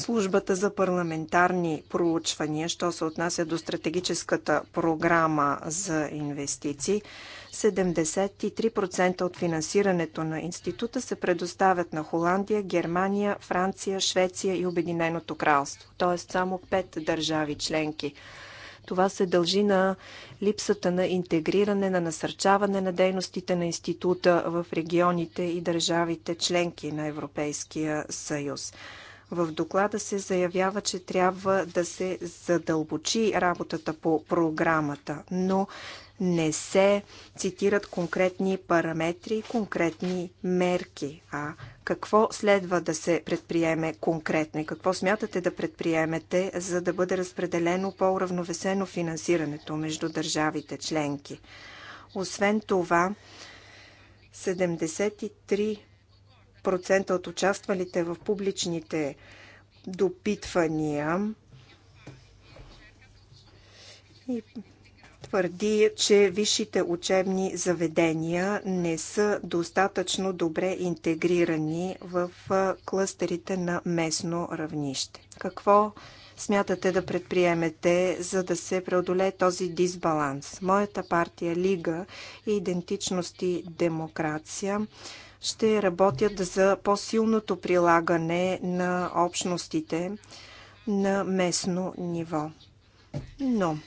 службата за парламентарни проучвания, що се отнася до стратегическата програма за инвестиции, 73% от финансирането на института се предоставят на Холандия, Германия, Франция, Швеция и Обединеното кралство, т.е. само 5 държави членки. Това се дължи на липсата на интегриране, на насърчаване на дейностите на института в регионите и държавите членки на Европейския съюз. В доклада се заявява, че трябва да се задълбочи работата по програмата, но не се цитират конкретни параметри, конкретни мерки, а какво следва да се предприеме конкретно и какво смятате да предприемете, за да бъде разпределено по-уравновесено финансирането между държавите членки. Освен това, 73 40% от участвалите в публичните допитвания и твърди, че висшите учебни заведения не са достатъчно добре интегрирани в клъстерите на местно равнище. Какво смятате да предприемете, за да се преодолее този дисбаланс? Моята партия Лига и идентичност и демокрация ще работят за по-силното прилагане на общностите на местно ниво. Но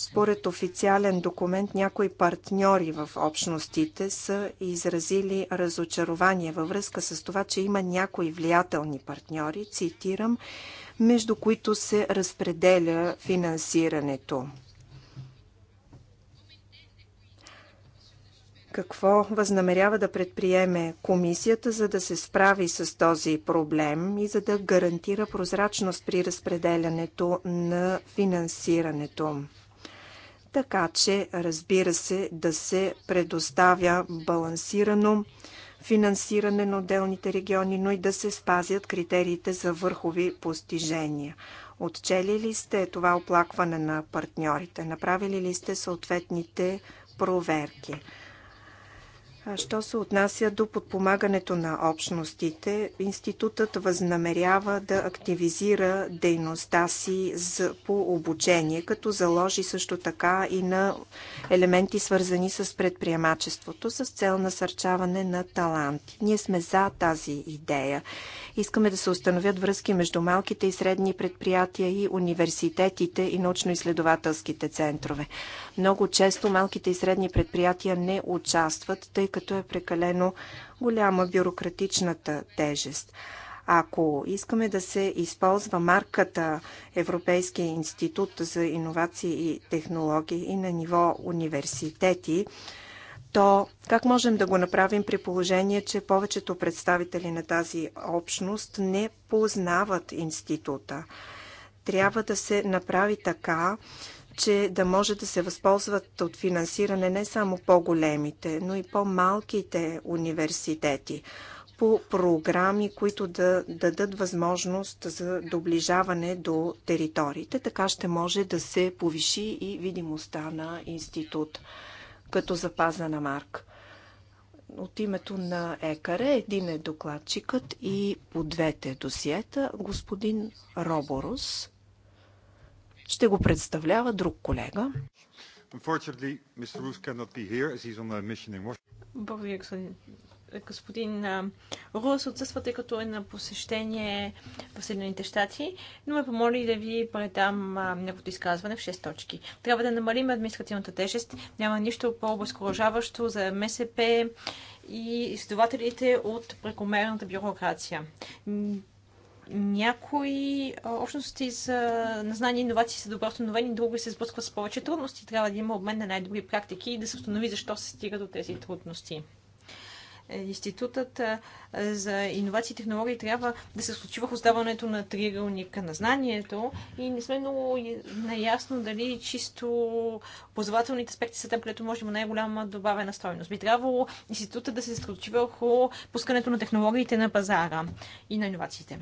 Според официален документ, някои партньори в общностите са изразили разочарование във връзка с това, че има някои влиятелни партньори, цитирам, между които се разпределя финансирането. какво възнамерява да предприеме комисията, за да се справи с този проблем и за да гарантира прозрачност при разпределянето на финансирането. Така че, разбира се, да се предоставя балансирано финансиране на отделните региони, но и да се спазят критериите за върхови постижения. Отчели ли сте това оплакване на партньорите? Направили ли сте съответните проверки? Що се отнася до подпомагането на общностите, институтът възнамерява да активизира дейността си по обучение, като заложи също така и на елементи свързани с предприемачеството с цел насърчаване на таланти. Ние сме за тази идея. Искаме да се установят връзки между малките и средни предприятия и университетите и научно-изследователските центрове. Много често малките и средни предприятия не участват, тъй като като е прекалено голяма бюрократичната тежест. Ако искаме да се използва марката Европейския институт за иновации и технологии и на ниво университети, то как можем да го направим при положение, че повечето представители на тази общност не познават института? Трябва да се направи така, че да може да се възползват от финансиране не само по-големите, но и по-малките университети по програми, които да дадат възможност за доближаване до териториите. Така ще може да се повиши и видимостта на институт като запазена марка. От името на ЕКАРЕ един е докладчикът и по двете досиета господин Роборус. Ще го представлява друг колега. Благодаря, господин Рус отсъства, тъй като е на посещение в Съединените щати, но ме помоли да ви предам неговото изказване в 6 точки. Трябва да намалим административната тежест. Няма нищо по-обезкуражаващо за МСП и изследователите от прекомерната бюрокрация. Някои общности за незнание и иновации са добро установени, други се сблъскват с повече трудности. Трябва да има обмен на най-добри практики и да се установи защо се стига до тези трудности. Е, институтът за иновации и технологии трябва да се случи в оставането на триъгълника на знанието и не сме много наясно дали чисто позователните аспекти са там, където може да има най-голяма добавена стойност. Би трябвало институтът да се случи върху пускането на технологиите на пазара и на иновациите.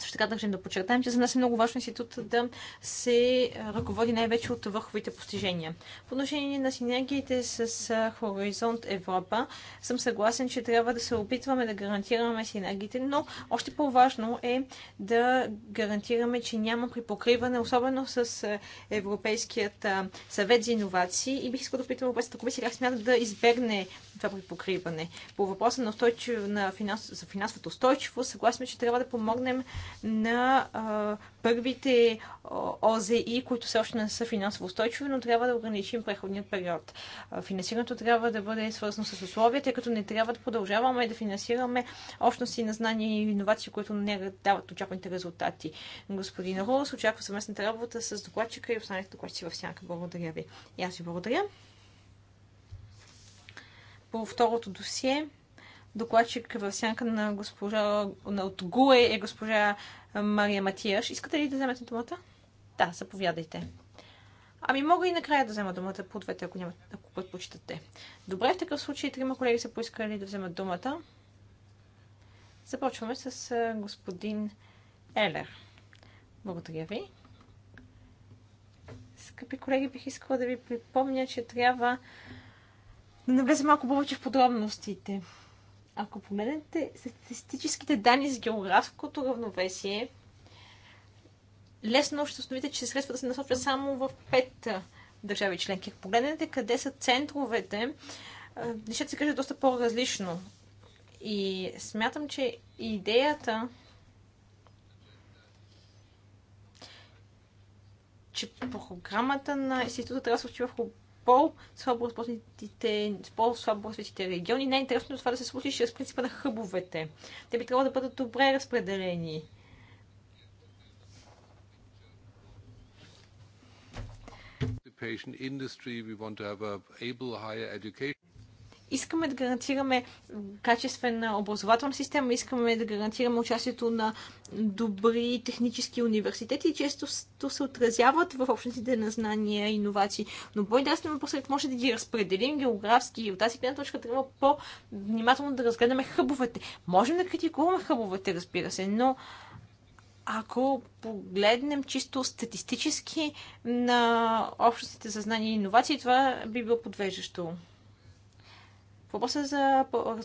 Също така държим да подчертаем, че за нас е много важно институт да се ръководи най-вече от върховите постижения. По отношение на синергиите с Хоризонт Европа, съм съгласен, че трябва да се опитваме да гарантираме синергиите, но още по-важно е да гарантираме, че няма припокриване, особено с Европейският съвет за иновации. И бих искал да питам Европейската комисия как смята да избегне това припокриване. По въпроса на, на финанс, за финансовата устойчивост, съгласен, че трябва да помогнем на а, първите ОЗИ, които все още не са финансово устойчиви, но трябва да ограничим преходният период. Финансирането трябва да бъде свързано с условия, тъй като не трябва да продължаваме да финансираме общности на знания и иновации, които не дават очакваните резултати. Господин Рус, очаква съвместната работа с докладчика и останалите докладчици в сянка. Благодаря ви. И аз ви благодаря. По второто досие докладчик в сянка на госпожа на от ГУЕ е госпожа Мария Матияш. Искате ли да вземете думата? Да, заповядайте. Ами мога и накрая да взема думата по двете, ако, няма, ако предпочитате. Добре, в такъв случай трима колеги са поискали да вземат думата. Започваме с господин Елер. Благодаря ви. Скъпи колеги, бих искала да ви припомня, че трябва да навлезе малко повече в подробностите. Ако погледнете статистическите данни с географското равновесие, лесно ще установите, че средствата се насочват само в пет държави членки. Ако погледнете къде са центровете, нещата се каже доста по-различно. И смятам, че идеята, че програмата на института трябва да се в по-слабо развитите, по-слабо региони. Най-интересно е това да се случи чрез принципа на хъбовете. Те би трябвало да бъдат добре разпределени. industry, we want to have a able higher education искаме да гарантираме качествена образователна система, искаме да гарантираме участието на добри технически университети и често се отразяват в общностите на знания и иновации. Но по-интересно посред може да ги разпределим географски и от тази гледна точка трябва по-внимателно да разгледаме хъбовете. Можем да критикуваме хъбовете, разбира се, но ако погледнем чисто статистически на общностите за знания и иновации, това би било подвеждащо въпроса за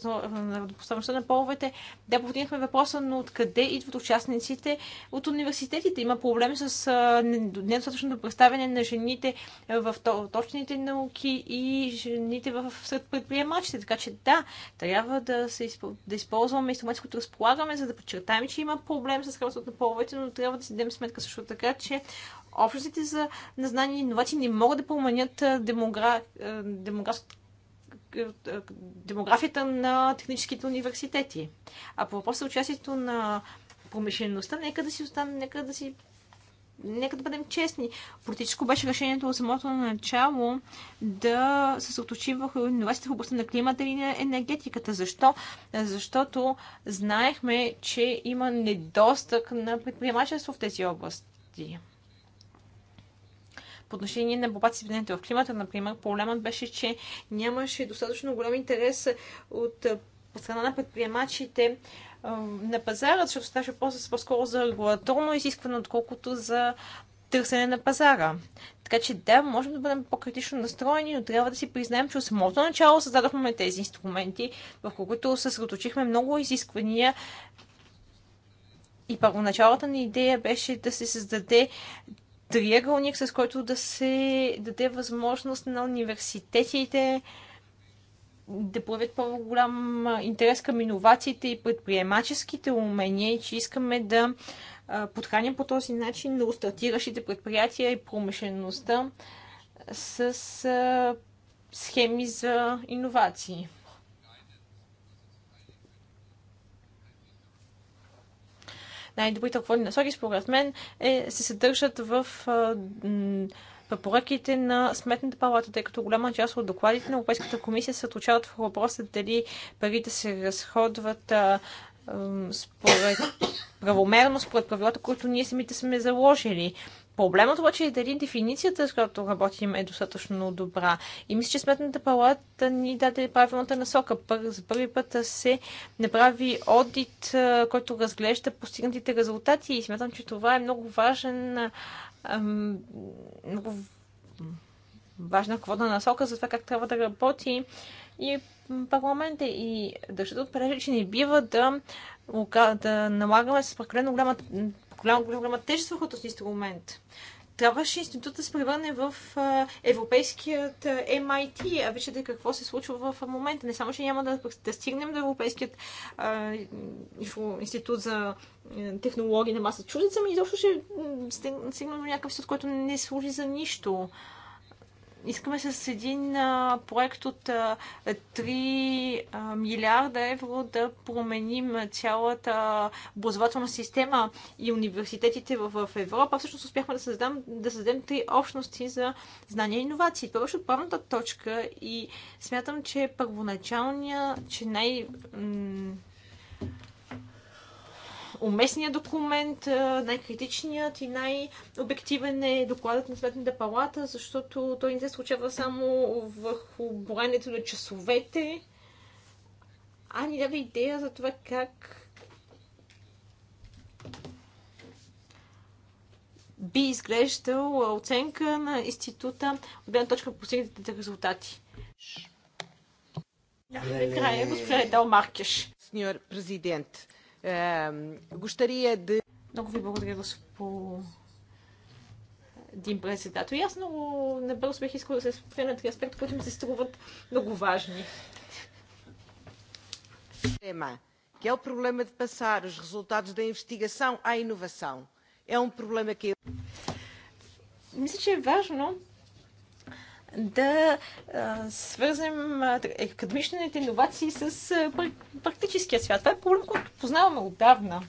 равнопоставеността на половете, да, повдигнахме въпроса, но откъде идват участниците от университетите? Има проблем с недостатъчното представяне на жените в точните науки и жените в сред предприемачите. Така че да, трябва да, се, да използваме инструментите, които разполагаме, за да подчертаем, че има проблем с равенството на половете, но трябва да си дадем сметка също така, че общностите за на знания и иновации не могат да променят демогра... демографската демографията на техническите университети. А по въпроса за участието на промишлеността, нека да си остане, нека да си нека да бъдем честни. Политическо беше решението от самото начало да се съсредоточим върху инновациите в областта на климата и на енергетиката. Защо? Защото знаехме, че има недостъг на предприемачество в тези области. По отношение на борбата с изменението в климата, например, проблемът беше, че нямаше достатъчно голям интерес от страна на предприемачите на пазара, защото ставаше просто по-скоро за регулаторно изискване, отколкото за търсене на пазара. Така че да, можем да бъдем по-критично настроени, но трябва да си признаем, че от самото начало създадохме тези инструменти, в които съсредоточихме много изисквания и първоначалната ни идея беше да се създаде триъгълник, с който да се даде възможност на университетите да проявят по-голям интерес към иновациите и предприемаческите умения и че искаме да подхраним по този начин устартиращите предприятия и промишлеността с схеми за иновации. най-добрите ръководни насоки, според мен, е, се съдържат в препоръките на Сметната палата, тъй като голяма част от докладите на Европейската комисия се отлучават в въпроса дали парите се разходват а, според правомерно, според правилата, които ние самите сме заложили. Проблемът обаче е дали дефиницията, с която работим, е достатъчно добра. И мисля, че Сметната палата ни даде правилната насока. Пър, за първи път се направи одит, който разглежда постигнатите резултати и смятам, че това е много важен ам, много важна квота насока за това как трябва да работи и парламента. И държа да отбележа, че не бива да, да налагаме с прекалено голяма голяма голямо тежест върху този инструмент. Трябваше институтът да се превърне в европейският MIT, а виждате какво се случва в момента. Не само, че няма да, да стигнем до европейският а, институт за технологии на маса чуждеца, но ами изобщо ще стигнем до някакъв институт, който не служи за нищо искаме с един а, проект от а, 3 а, милиарда евро да променим цялата образователна система и университетите в, в Европа. Всъщност успяхме да, създам, да създадем три общности за знания и иновации. Това беше отправната точка и смятам, че първоначалния, че най- уместният документ, е, най-критичният и най-обективен е докладът на Сметната палата, защото той не се случава само върху броенето на часовете, а ни дава идея за това как би изглеждал оценка на института от една точка на постигнатите резултати. Да, е, края госпожа Едал Маркеш. Сеньор президент, Gostaria de. Много ви благодаря, господин председател. И аз много набързо бих искала да се спра на три аспекта, които ми се струват много важни. Тема. Que é o problema de passar os resultados da investigação à inovação. É um problema que. Мисля, че е важно да свързем академичните иновации с практическия свят. Това е проблем, който познаваме отдавна.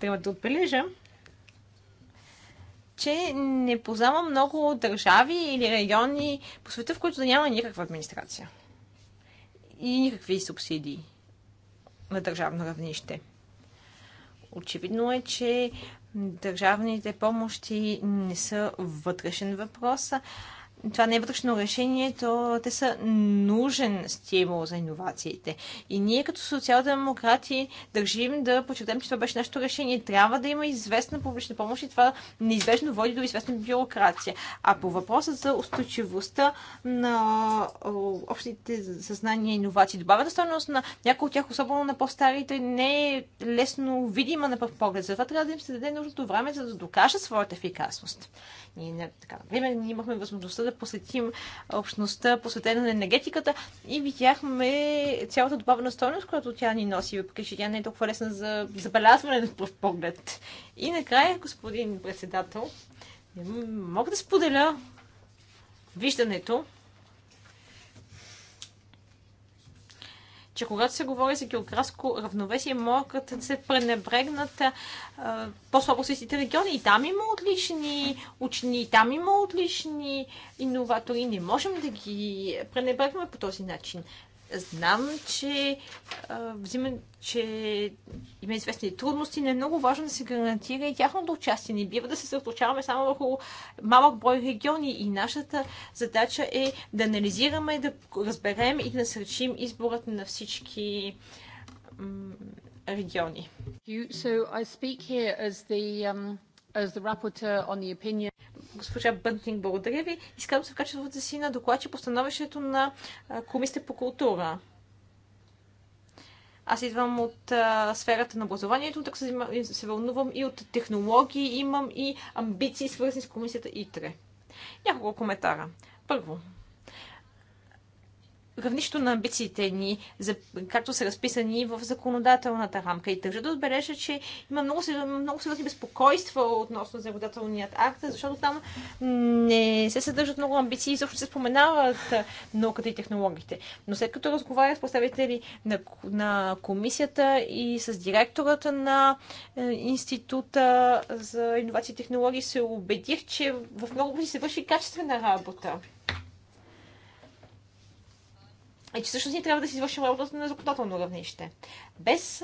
Трябва да отбележа, че не познавам много държави или райони по света, в които да няма никаква администрация. И никакви субсидии на държавно равнище. Очевидно е, че Държавните помощи не са вътрешен въпрос, това не е вътрешно решение, то те са нужен стимул за иновациите. И ние като социал-демократи държим да почетем, че това беше нашето решение. Трябва да има известна публична помощ и това неизбежно води до известна бюрокрация. А по въпроса за устойчивостта на общите съзнания и иновации, Добавя стоеност на някои от тях, особено на по-старите, не е лесно видима на пръв поглед. Затова трябва да им се даде нужното време, за да докаже своята ефикасност. Ние, така, например, ние имахме възможността да посетим общността, посветена на енергетиката и видяхме цялата добавена стойност, която тя ни носи, въпреки че тя не е толкова лесна за забелязване на пръв поглед. И накрая, господин председател, мога да споделя виждането, че когато се говори за географско равновесие, могат да се пренебрегнат по-слабо сестите региони. И там има отлични учени, и там има отлични иноватори. Не можем да ги пренебрегваме по този начин. Знам, че, а, взима, че има известни трудности, но е много важно да се гарантира и тяхното участие. Не бива да се съсредоточаваме само върху малък брой региони и нашата задача е да анализираме, да разберем и да насърчим изборът на всички региони. You, so I speak here as the, um... Opinion... Госпожа Бънтинг, благодаря ви. Искам се в качеството си на докладче по становището на Комисията по култура. Аз идвам от а, сферата на образованието, така се, се вълнувам и от технологии, имам и амбиции, свързани с комисията ИТРЕ. Няколко коментара. Първо, равнището на амбициите ни, за, както са разписани в законодателната рамка. И държа да отбележа, че има много, много сериозни безпокойства относно законодателният акт, защото там не се съдържат много амбиции, защото се споменават науката и технологиите. Но след като разговаря с представители на, на комисията и с директората на е, Института за инновации и технологии, се убедих, че в много пъти се върши качествена работа е, че всъщност ние трябва да си извършим работата на законодателно равнище. Без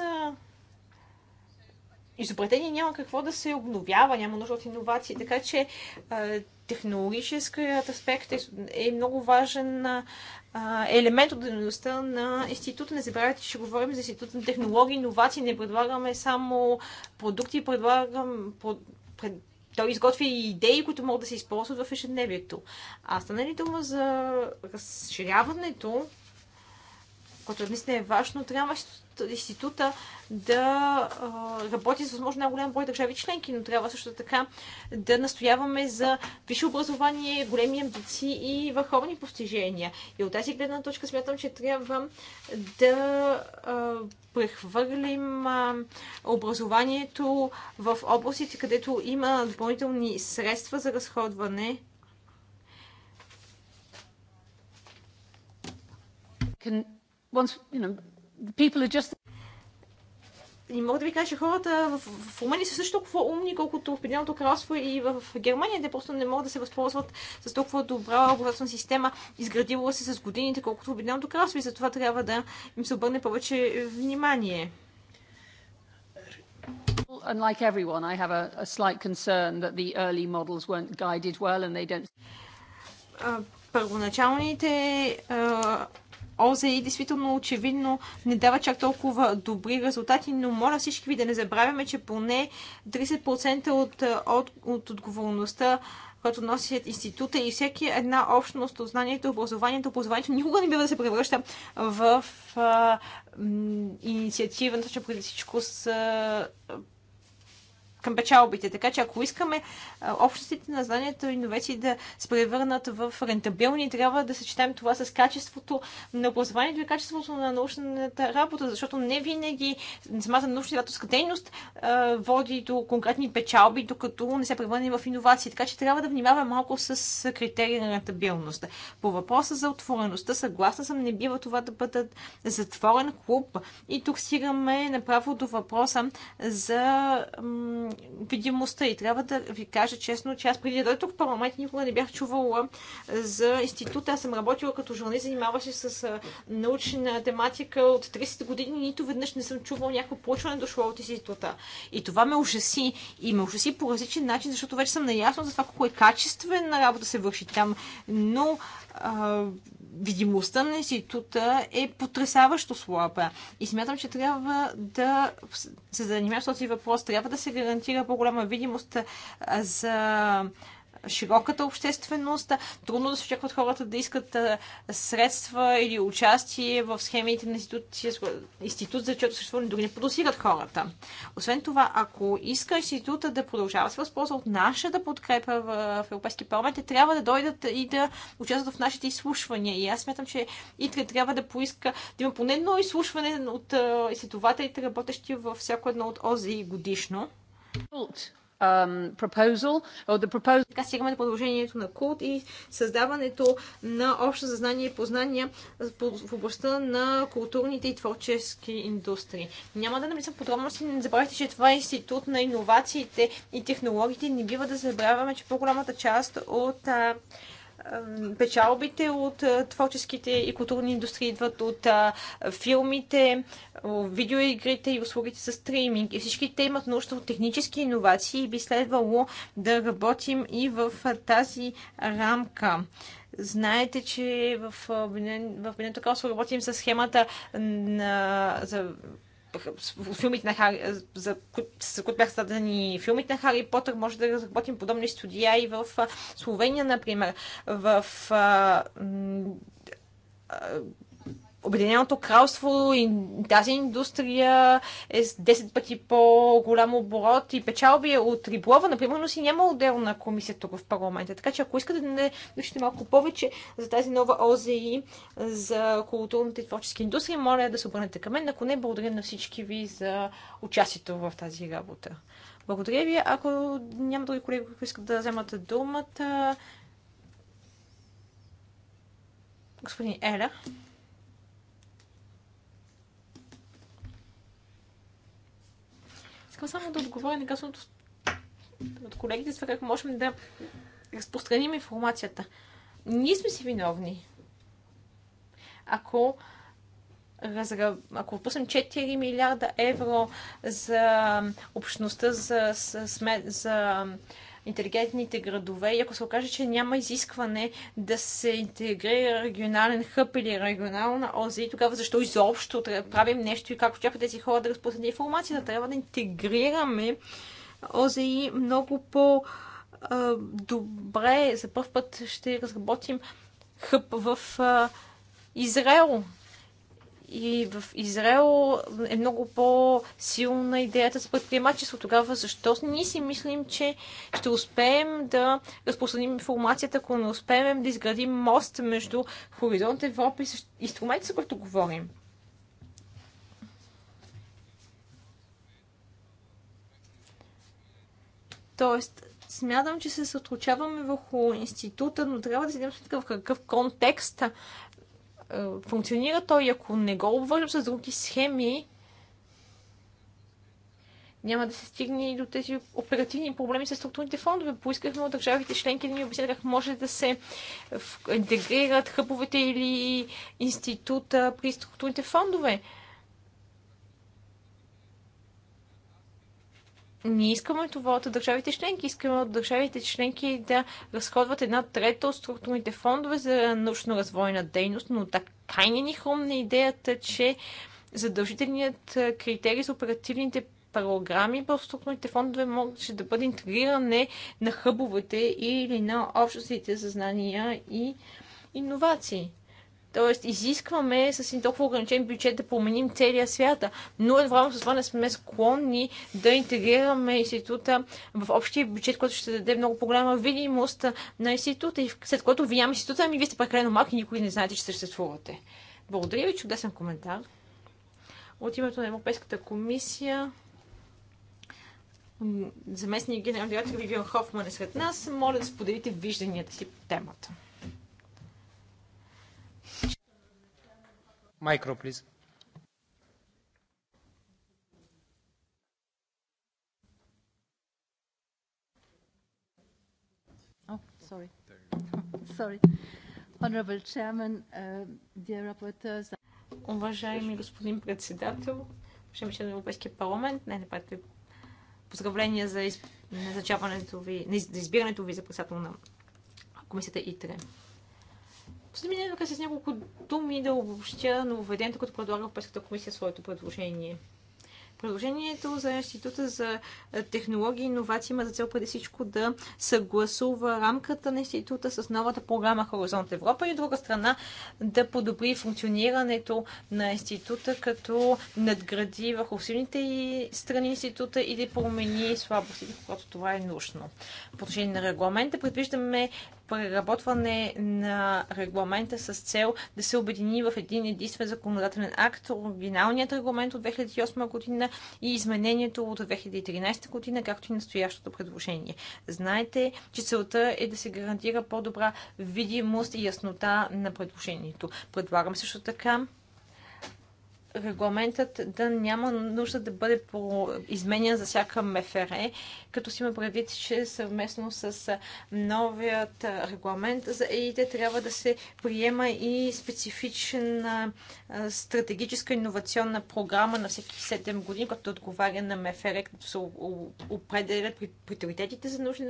изобретение няма какво да се обновява, няма нужда от иновации, така че технологическият аспект е, е много важен а, елемент от дейността на института. Не забравяйте, че говорим за институт на технологии, иновации, не предлагаме само продукти, предлагам, Под, пред, той изготвя и идеи, които могат да се използват в ежедневието. А стане ли дума за разширяването което е наистина е важно, трябва института да работи с възможно най-голям брой държави членки, но трябва също така да настояваме за висше образование, големи амбиции и върховни постижения. И от тази гледна точка смятам, че трябва да прехвърлим образованието в областите, където има допълнителни средства за разходване Can, и мога да ви кажа, че хората в, Румъния са също толкова умни, колкото в Обединеното кралство и в Германия. Те просто не могат да се възползват с толкова добра образователна система, изградила се с годините, колкото в Обединеното кралство. И затова трябва да им се обърне повече внимание. Unlike everyone, I have a, a slight concern that the early models weren't guided well and they don't... първоначалните uh, ОЗИ действително очевидно не дава чак толкова добри резултати, но моля всички ви да не забравяме, че поне 30% от, от, от отговорността който носят института и всеки една общност от знанието, образованието, образованието никога не бива да се превръща в а, м, инициатива, точно преди всичко с а, към печалбите. Така че ако искаме общностите на знанието и иновации да се превърнат в рентабилни, трябва да съчетаем това с качеството на образованието и качеството на научната работа, защото не винаги самата научна работа дейност води до конкретни печалби, докато не се превърне в иновации. Така че трябва да внимаваме малко с критерия на рентабилност. По въпроса за отвореността, съгласна съм, не бива това да бъдат затворен клуб. И тук стигаме направо до въпроса за видимостта. И трябва да ви кажа честно, че аз преди да дойда тук в парламент никога не бях чувала за института. Аз съм работила като журналист, занимаваше с научна тематика от 30 години, нито веднъж не съм чувала някакво почване дошло от института. И това ме ужаси. И ме ужаси по различен начин, защото вече съм наясно за това колко е качествена работа се върши там. Но а, видимостта на института е потрясаващо слаба. И смятам, че трябва да се занимаваш с този въпрос. Трябва да се гарантира по-голяма видимост за широката общественост. Трудно да се очакват хората да искат средства или участие в схемите на институция, институт, за чето съществуване дори не подосират хората. Освен това, ако иска института да продължава се възползва от нашата подкрепа в Европейски парламент, те трябва да дойдат и да участват в нашите изслушвания. И аз смятам, че ИТРЕ трябва да поиска да има поне едно изслушване от изследователите, работещи във всяко едно от ОЗИ годишно. Така стигаме до продължението на култ и създаването на общо съзнание и познания в областта на културните и творчески индустрии. Няма да намисам подробности, не забравяйте, че това е институт на иновациите и технологиите. Не бива да забравяме, че по-голямата част от печалбите от творческите и културни индустрии идват от филмите, видеоигрите и услугите за стриминг. И всички те имат нужда от технически иновации и би следвало да работим и в тази рамка. Знаете, че в Обединеното кралство работим с схемата на, за филмите на Хари, за, за които бяха създадени филмите на Хари Потър, може да разработим подобни студия и в Словения, например, в Обединеното кралство и тази индустрия е с 10 пъти по-голям оборот и печалби е от Риболова, например, но си няма отдел комисия тук в парламента. Така че ако искате да не научите малко повече за тази нова ОЗИ за културната и творческа индустрия, моля да се обърнете към мен. Ако не, благодаря на всички ви за участието в тази работа. Благодаря ви. Ако няма други колеги, които искат да вземат думата, господин Еля. Искам само да отговоря на казаното от колегите с това как можем да разпространим информацията. Ние сме си виновни. Ако разра... ако отпуснем 4 милиарда евро за общността за, за, за, за интелигентните градове и ако се окаже, че няма изискване да се интегрира регионален хъб или регионална ОЗИ, тогава защо изобщо правим нещо и как очакват тези хора да разпространят информацията? Трябва да интегрираме ОЗИ много по- добре, за първ път ще разработим хъб в Израел и в Израел е много по-силна идеята за предприемачество. Тогава защо ние си мислим, че ще успеем да разпространим информацията, ако не успеем да изградим мост между Хоризонт Европа и инструментите, за които говорим? Тоест, смятам, че се съотлучаваме върху института, но трябва да си дадем сметка в какъв контекст е, функционира той, ако не го обвържам с други схеми, няма да се стигне и до тези оперативни проблеми с структурните фондове. Поискахме от държавите членки да ни обяснят как може да се интегрират хъбовете или института при структурните фондове. Ние искаме това от държавите членки. Искаме от държавите членки да разходват една трета от структурните фондове за научно-развойна дейност, но така не ни хрумна идеята, че задължителният критерий за оперативните програми в структурните фондове може да бъде интегриране на хъбовете или на общностите за знания и иновации. Тоест, изискваме с един толкова ограничен бюджет да променим целия свят. Но едновременно с това не сме склонни да интегрираме института в общия бюджет, който ще даде много по-голяма видимост на института. И след което виням института, ами вие сте прекалено малки и никой не знаете, че съществувате. Благодаря ви, чудесен коментар. От името на Европейската комисия заместник генерал директор Вивиан Хофман е сред нас. Моля да споделите вижданията си по темата. Micro, please. Oh, sorry. Sorry. Honorable Chairman, uh, dear rapporteurs. Уважаеми господин председател, уважаеми член на Европейския парламент, не, не ви поздравления за за, ви, за избирането ви за председател на комисията ИТРЕ. Ще ми да с няколко думи да обобщя нововведението, което предлага Европейската комисия своето предложение. Предложението за Института за технологии и иновации има за цел преди всичко да съгласува рамката на института с новата програма Хоризонт Европа и от друга страна да подобри функционирането на института, като надгради върху силните и страни института и да промени слабостите, когато това е нужно. По отношение на регламента предвиждаме преработване на регламента с цел да се обедини в един единствен законодателен акт, оригиналният регламент от 2008 година и изменението от 2013 година, както и настоящото предложение. Знаете, че целта е да се гарантира по-добра видимост и яснота на предложението. Предлагам също така регламентът да няма нужда да бъде по... изменен за всяка МФР, като си има предвид, че съвместно с новият регламент за ЕИД трябва да се приема и специфична стратегическа инновационна програма на всеки 7 години, която отговаря на МФР, като се определят приоритетите за нужни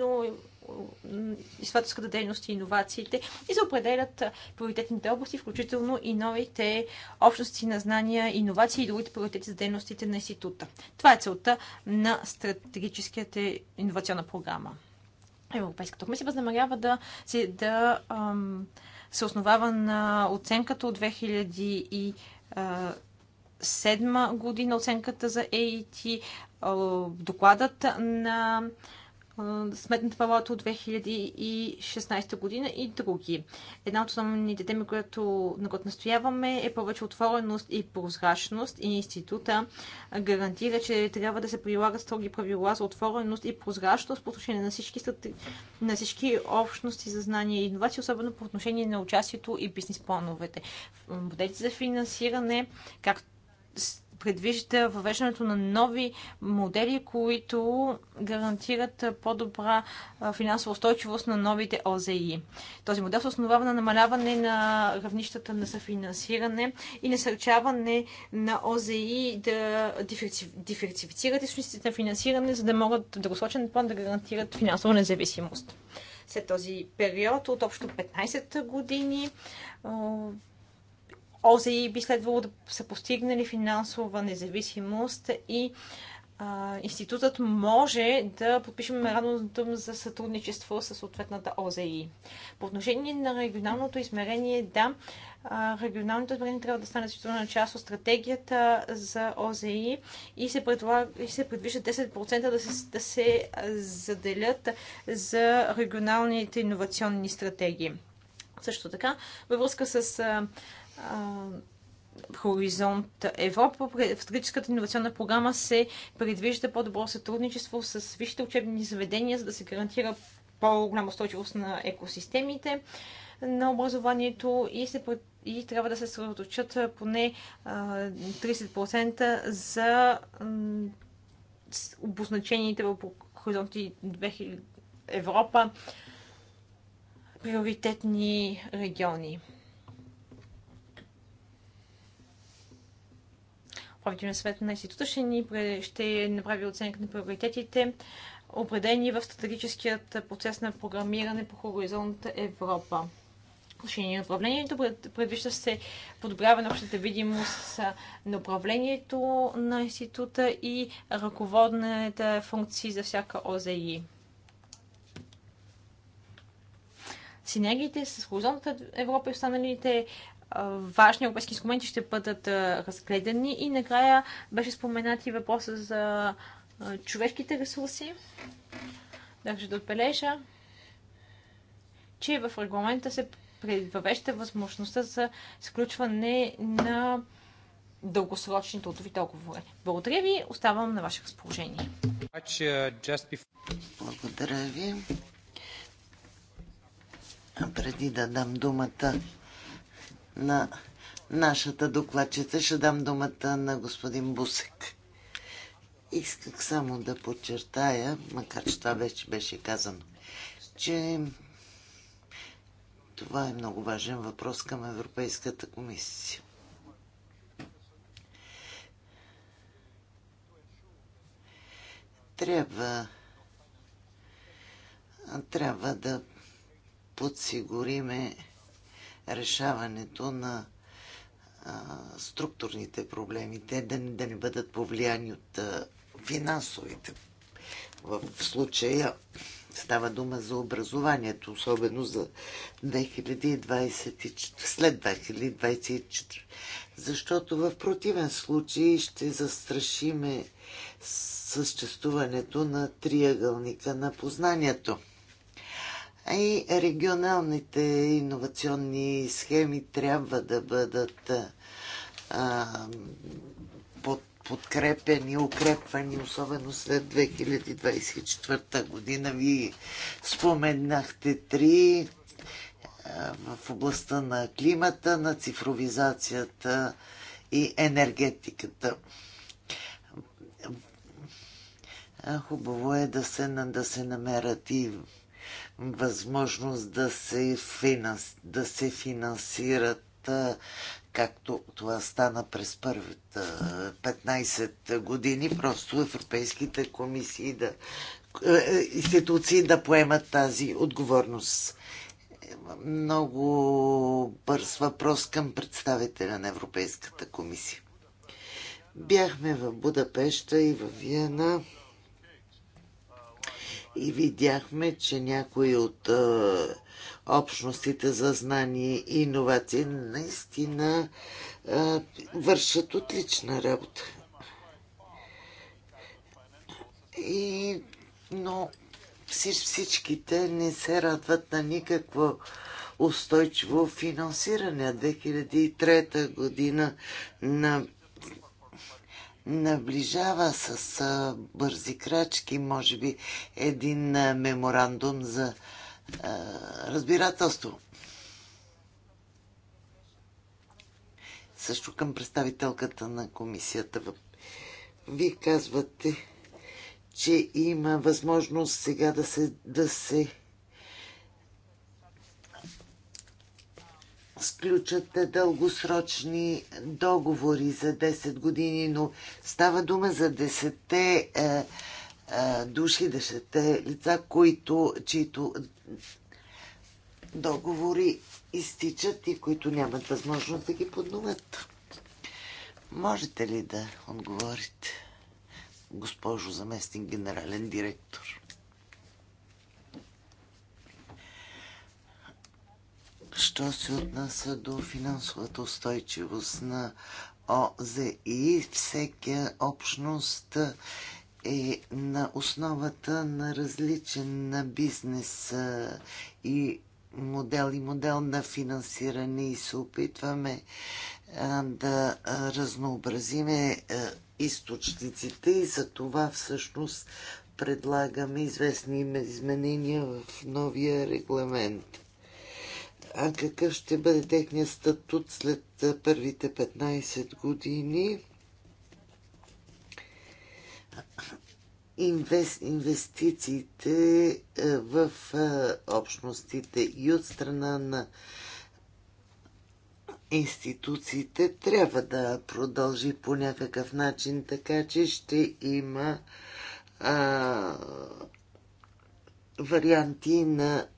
изследователската дейност и иновациите и се определят приоритетните области, включително и новите общности на знания, иновации и другите приоритети за дейностите на института. Това е целта на стратегическата иновационна програма. Европейската комисия възнамерява да, да ам, се основава на оценката от 2007 година, оценката за EIT, докладът на Сметната палата от 2016 година и други. Една от основните теми, която, на която настояваме, е повече отвореност и прозрачност. И института гарантира, че трябва да се прилагат строги правила за отвореност и прозрачност по отношение на всички, на всички общности за знания и иновации, особено по отношение на участието и бизнес плановете. Моделите за финансиране, както предвижда въвеждането на нови модели, които гарантират по-добра финансова устойчивост на новите ОЗИ. Този модел се основава на намаляване на равнищата на съфинансиране и насърчаване на ОЗИ да диверсифицират източниците на финансиране, за да могат в дългосрочен план да гарантират финансова независимост. След този период от общо 15 години ОЗИ би следвало да са постигнали финансова независимост и а, институтът може да подпишем меморандум за сътрудничество с съответната ОЗИ. По отношение на регионалното измерение, да, регионалното измерение трябва да стане на част от стратегията за ОЗИ и се, предлага, и се предвижда 10% да се, да се заделят за регионалните иновационни стратегии. Също така, във връзка с Хоризонт Европа. В стратегическата инновационна програма се предвижда по-добро сътрудничество с висшите учебни заведения, за да се гарантира по-голяма устойчивост на екосистемите на образованието и, се, и трябва да се съсредоточат поне 30% за обозначените в хоризонти 2000 Европа приоритетни региони. Управителния съвет на института ще, ни, ще направи оценка на приоритетите, определени в стратегическият процес на програмиране по Хоризонт Европа. Отношение на управлението предвижда се подобряване на общата видимост на управлението на института и ръководната функции за всяка ОЗИ. Синергиите с Хоризонт Европа и останалите важни европейски инструменти ще бъдат разгледани. И накрая беше споменат и въпроса за човешките ресурси. Държа да отбележа, че в регламента се въвежда възможността за сключване на дългосрочни трудови договори. Благодаря ви, оставам на ваше разположение. Благодаря ви. А преди да дам думата на нашата докладчица. Ще дам думата на господин Бусек. Исках само да подчертая, макар че това вече беше казано, че това е много важен въпрос към Европейската комисия. Трябва трябва да подсигуриме решаването на а, структурните проблеми, те да, да не бъдат повлияни от а, финансовите. В, случая става дума за образованието, особено за 2024, след 2024. Защото в противен случай ще застрашиме съществуването на триъгълника на познанието – и регионалните иновационни схеми трябва да бъдат подкрепени, укрепвани, особено след 2024 година. Ви споменахте три в областта на климата, на цифровизацията и енергетиката. Хубаво е да се, да се намерят и възможност да се, финанс, да се финансират, както това стана през първите 15 години, просто европейските комисии да институции да поемат тази отговорност. Много бърз въпрос към представителя на Европейската комисия. Бяхме в Будапеща и в Виена и видяхме, че някои от а, общностите за знание и иновации наистина а, вършат отлична работа. И, но всичките не се радват на никакво устойчиво финансиране. 2003 година на наближава с а, бързи крачки, може би, един а, меморандум за а, разбирателство. Също към представителката на комисията. Вие казвате, че има възможност сега да се, да се сключат дългосрочни договори за 10 години, но става дума за 10-те е, е, души, 10-те лица, които, чието договори изтичат и които нямат възможност да ги подновят. Можете ли да отговорите, госпожо заместник генерален директор? Що се отнася до финансовата устойчивост на ОЗИ, всеки общност е на основата на различен бизнес и модел и модел на финансиране и се опитваме да разнообразиме източниците и за това всъщност предлагаме известни изменения в новия регламент а какъв ще бъде техният статут след първите 15 години. инвестициите в общностите и от страна на институциите трябва да продължи по някакъв начин, така че ще има а, варианти на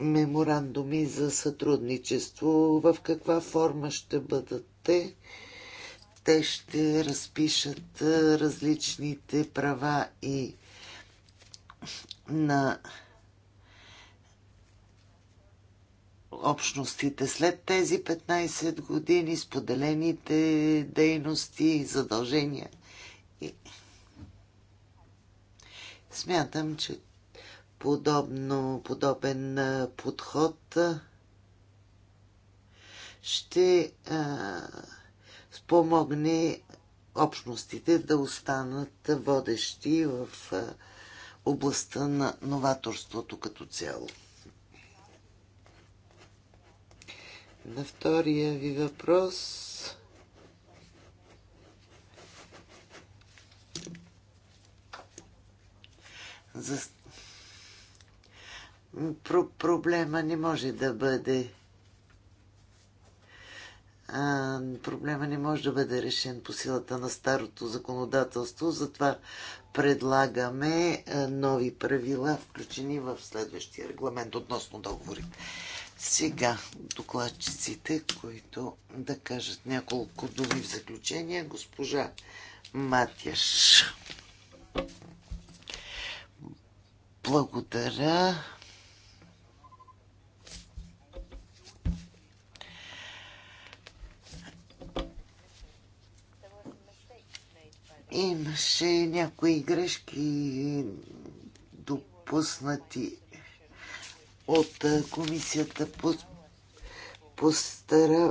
меморандуми за сътрудничество. В каква форма ще бъдат те? Те ще разпишат различните права и на общностите след тези 15 години, споделените дейности и задължения. И... Смятам, че подобно, подобен подход ще а, спомогне общностите да останат водещи в а, областта на новаторството като цяло. На втория ви въпрос. За Про- проблема не може да бъде. А, проблема не може да бъде решен по силата на старото законодателство, затова предлагаме нови правила, включени в следващия регламент относно договорите. Сега докладчиците, които да кажат няколко думи в заключение, госпожа Матяш. Благодаря. Имаше някои грешки допуснати от комисията.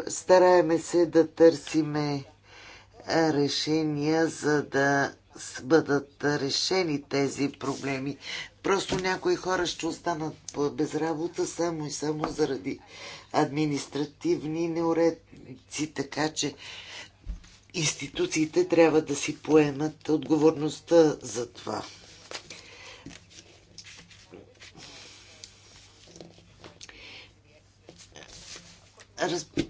стараеме се да търсиме решения, за да бъдат решени тези проблеми. Просто някои хора ще останат без работа само и само заради административни неуредици, така че институциите трябва да си поемат отговорността за това. Разбира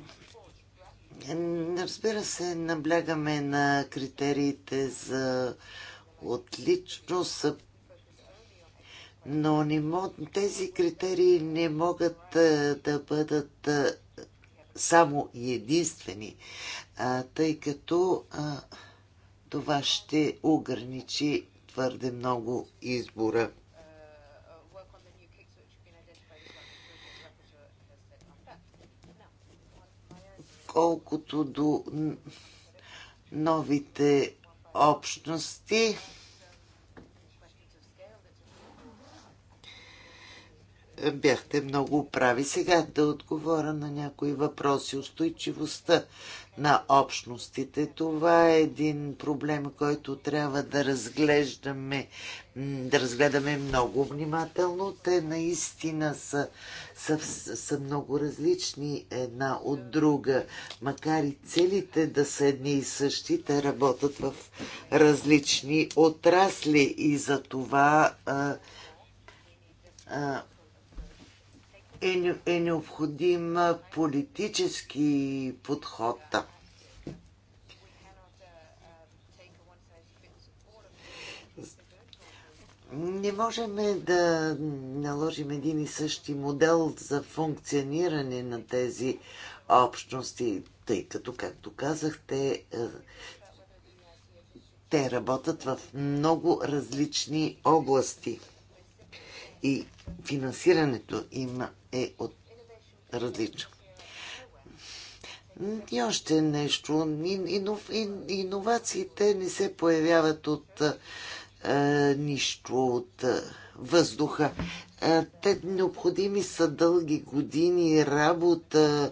Разбира се, наблягаме на критериите за отличност, но не мог, тези критерии не могат е, да бъдат е, само и единствени, а, тъй като а, това ще ограничи твърде много избора. Колкото до новите общности, бяхте много прави. Сега да отговоря на някои въпроси. Устойчивостта на общностите. Това е един проблем, който трябва да разглеждаме, да разгледаме много внимателно. Те наистина са, са, са много различни една от друга. Макар и целите да са едни и същи, те работят в различни отрасли и за това а, а, е, е необходим политически подход. Не можем да наложим един и същи модел за функциониране на тези общности, тъй като, както казахте, е, те работят в много различни области и финансирането им е от... различно. И още нещо. Иновациите не се появяват от е, нищо, от е, въздуха. Е, те необходими са дълги години работа, е,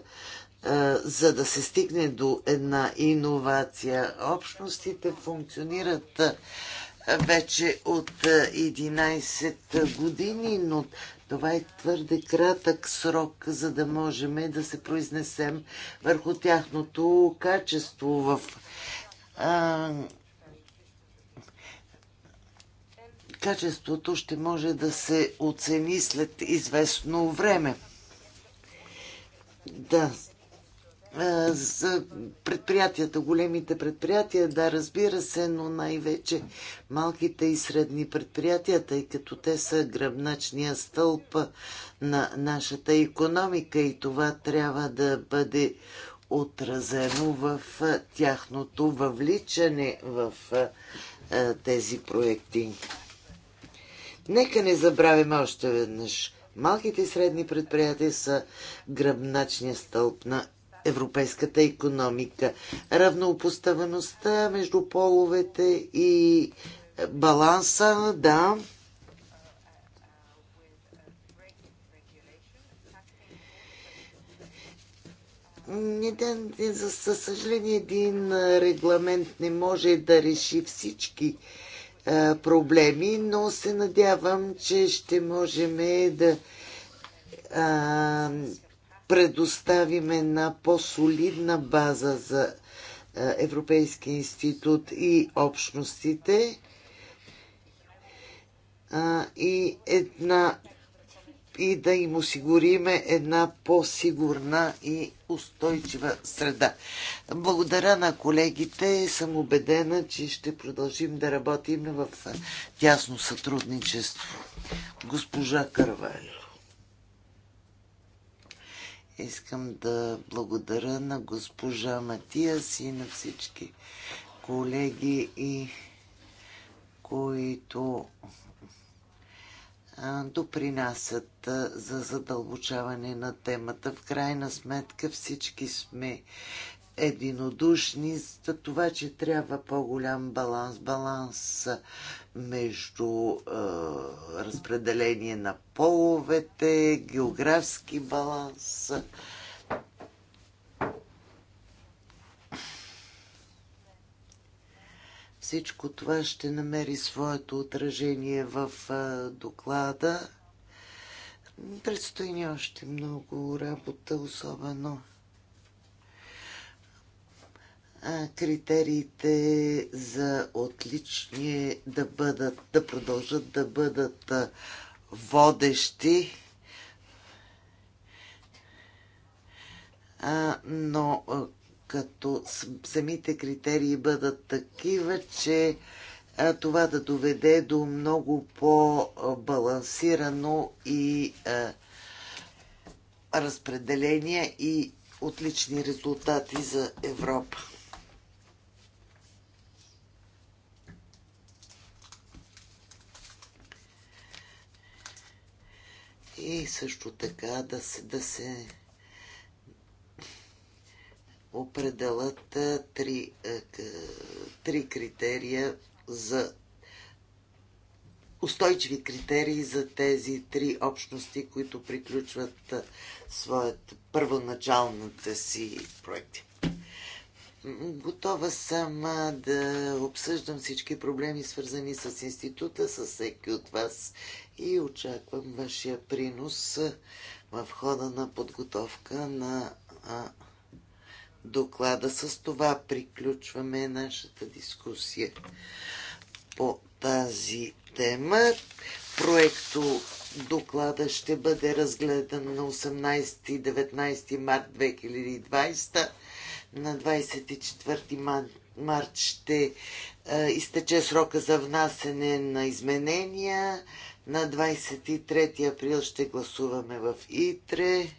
за да се стигне до една иновация. Общностите функционират. Е, вече от 11 е, години, но това е твърде кратък срок, за да можем да се произнесем върху тяхното качество в а, качеството ще може да се оцени след известно време. Да, за предприятията, големите предприятия, да, разбира се, но най-вече малките и средни предприятия, тъй като те са гръбначния стълб на нашата економика и това трябва да бъде отразено в тяхното въвличане в тези проекти. Нека не забравим още веднъж. Малките и средни предприятия са гръбначния стълб на европейската економика. Равнопоставеността между половете и баланса, да. Един, за съжаление, един регламент не може да реши всички проблеми, но се надявам, че ще можем да а, предоставим една по-солидна база за е, Европейския институт и общностите и една и да им осигуриме една по-сигурна и устойчива среда. Благодаря на колегите. Съм убедена, че ще продължим да работим в тясно сътрудничество. Госпожа Карвали. Искам да благодаря на госпожа Матиас и на всички колеги и които допринасят за задълбочаване на темата. В крайна сметка всички сме единодушни за това, че трябва по-голям баланс, баланс между е, разпределение на половете, географски баланс. Всичко това ще намери своето отражение в е, доклада. Предстои ни още много работа, особено критериите за отличие да бъдат, да продължат да бъдат водещи. но като самите критерии бъдат такива, че това да доведе до много по-балансирано и разпределение и отлични резултати за Европа. и също така да се, да се определят три, три критерия за устойчиви критерии за тези три общности, които приключват своят първоначалната си проекти. Готова съм да обсъждам всички проблеми, свързани с института, с всеки от вас и очаквам вашия принос в хода на подготовка на доклада. С това приключваме нашата дискусия по тази тема. Проекто доклада ще бъде разгледан на 18 и 19 март 2020 на 24 март ще а, е, изтече срока за внасене на изменения. На 23 април ще гласуваме в ИТРЕ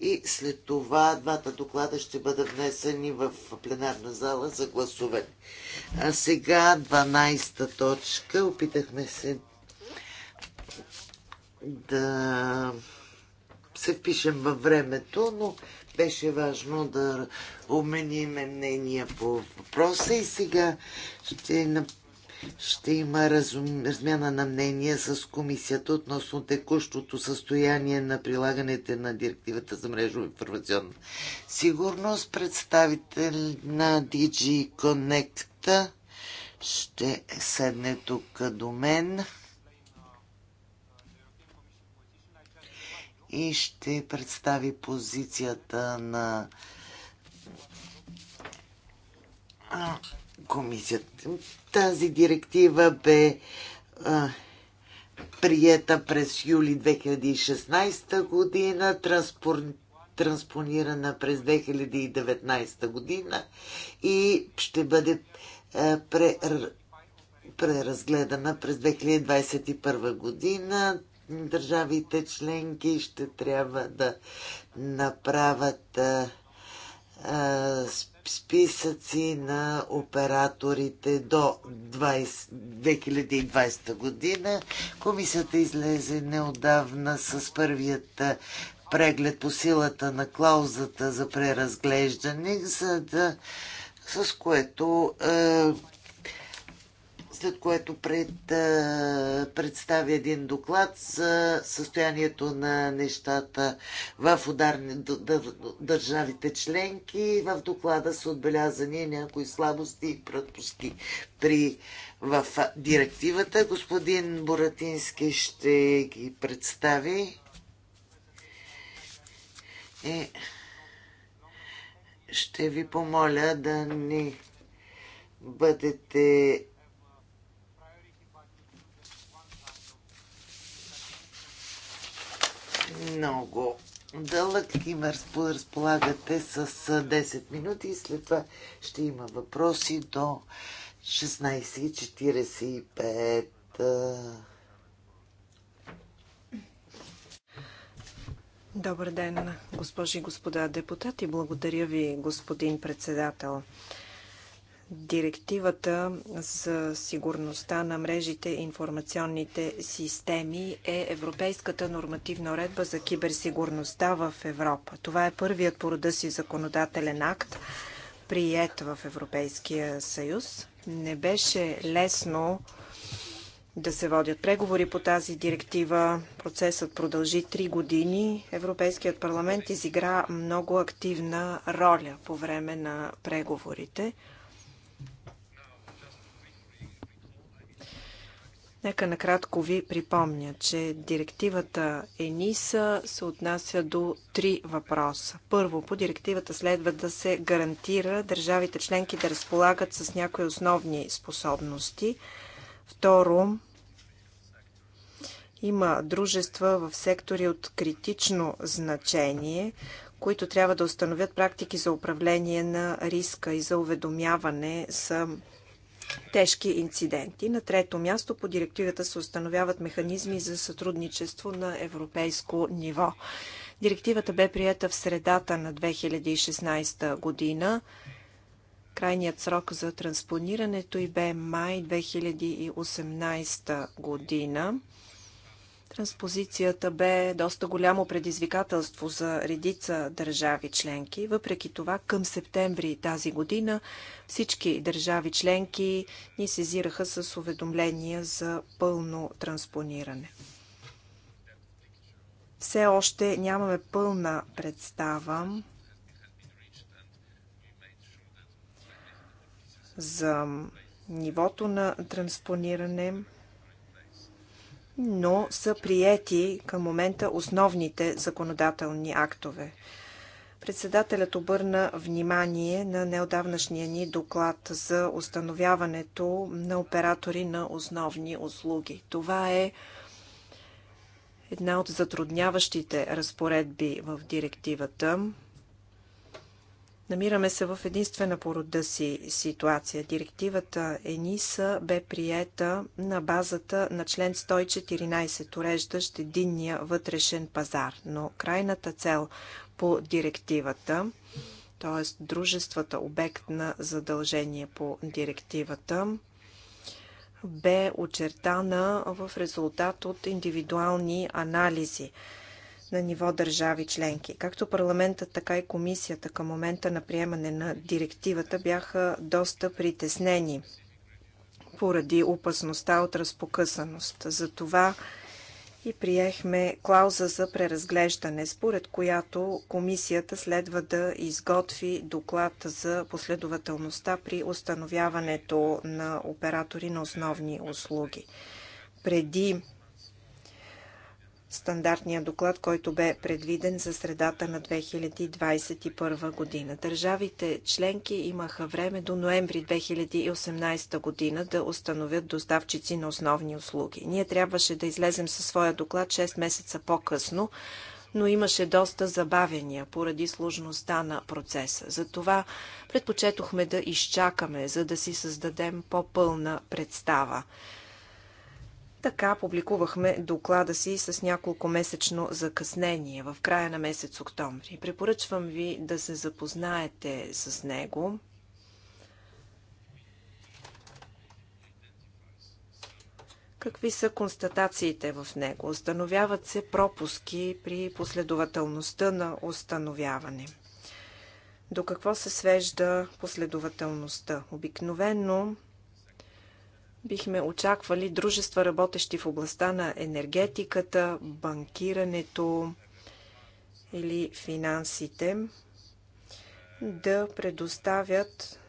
и след това двата доклада ще бъдат внесени в пленарна зала за гласуване. А сега 12-та точка. Опитахме се да се впишем във времето, но беше важно да обмениме мнения по въпроса и сега ще, ще има разум, размяна на мнения с комисията относно текущото състояние на прилагането на директивата за мрежова информационна сигурност. Представител на DG Connect ще седне тук до мен. и ще представи позицията на комисията. Тази директива бе приета през юли 2016 година, транспонирана през 2019 година и ще бъде преразгледана през 2021 година държавите членки ще трябва да направят списъци на операторите до 20, 2020 година. Комисията излезе неодавна с първият преглед по силата на клаузата за преразглеждане, за да, с което е, след което пред, представя един доклад за състоянието на нещата в ударни държавите членки. В доклада са отбелязани някои слабости и пропуски при, в директивата. Господин Боратински ще ги представи. И е, ще ви помоля да не бъдете много дълъг. Има разполагате с 10 минути и след това ще има въпроси до 16.45. Добър ден, госпожи и господа депутати. Благодаря ви, господин председател. Директивата за сигурността на мрежите и информационните системи е европейската нормативна уредба за киберсигурността в Европа. Това е първият по рода си законодателен акт, прият в Европейския съюз. Не беше лесно да се водят преговори по тази директива. Процесът продължи три години. Европейският парламент изигра много активна роля по време на преговорите. Нека накратко ви припомня, че директивата ЕНИСА се отнася до три въпроса. Първо, по директивата следва да се гарантира държавите членки да разполагат с някои основни способности. Второ, има дружества в сектори от критично значение, които трябва да установят практики за управление на риска и за уведомяване за тежки инциденти. На трето място по директивата се установяват механизми за сътрудничество на европейско ниво. Директивата бе приета в средата на 2016 година. Крайният срок за транспонирането й бе май 2018 година. Транспозицията бе доста голямо предизвикателство за редица държави членки. Въпреки това, към септември тази година всички държави членки ни сезираха с уведомления за пълно транспониране. Все още нямаме пълна представа за нивото на транспониране – но са приети към момента основните законодателни актове. Председателят обърна внимание на неодавнашния ни доклад за установяването на оператори на основни услуги. Това е една от затрудняващите разпоредби в директивата. Намираме се в единствена по рода си ситуация. Директивата ЕНИСА бе приета на базата на член 114, уреждащ единния вътрешен пазар. Но крайната цел по директивата, т.е. дружествата, обект на задължение по директивата, бе очертана в резултат от индивидуални анализи на ниво държави членки. Както парламентът, така и комисията към момента на приемане на директивата бяха доста притеснени поради опасността от разпокъсаност. Затова и приехме клауза за преразглеждане, според която комисията следва да изготви доклад за последователността при установяването на оператори на основни услуги. Преди стандартния доклад, който бе предвиден за средата на 2021 година. Държавите членки имаха време до ноември 2018 година да установят доставчици на основни услуги. Ние трябваше да излезем със своя доклад 6 месеца по-късно, но имаше доста забавения поради сложността на процеса. Затова предпочетохме да изчакаме, за да си създадем по-пълна представа. Така публикувахме доклада си с няколко месечно закъснение в края на месец октомври. Препоръчвам ви да се запознаете с него. Какви са констатациите в него? Установяват се пропуски при последователността на установяване. До какво се свежда последователността? Обикновено бихме очаквали дружества, работещи в областта на енергетиката, банкирането или финансите, да предоставят,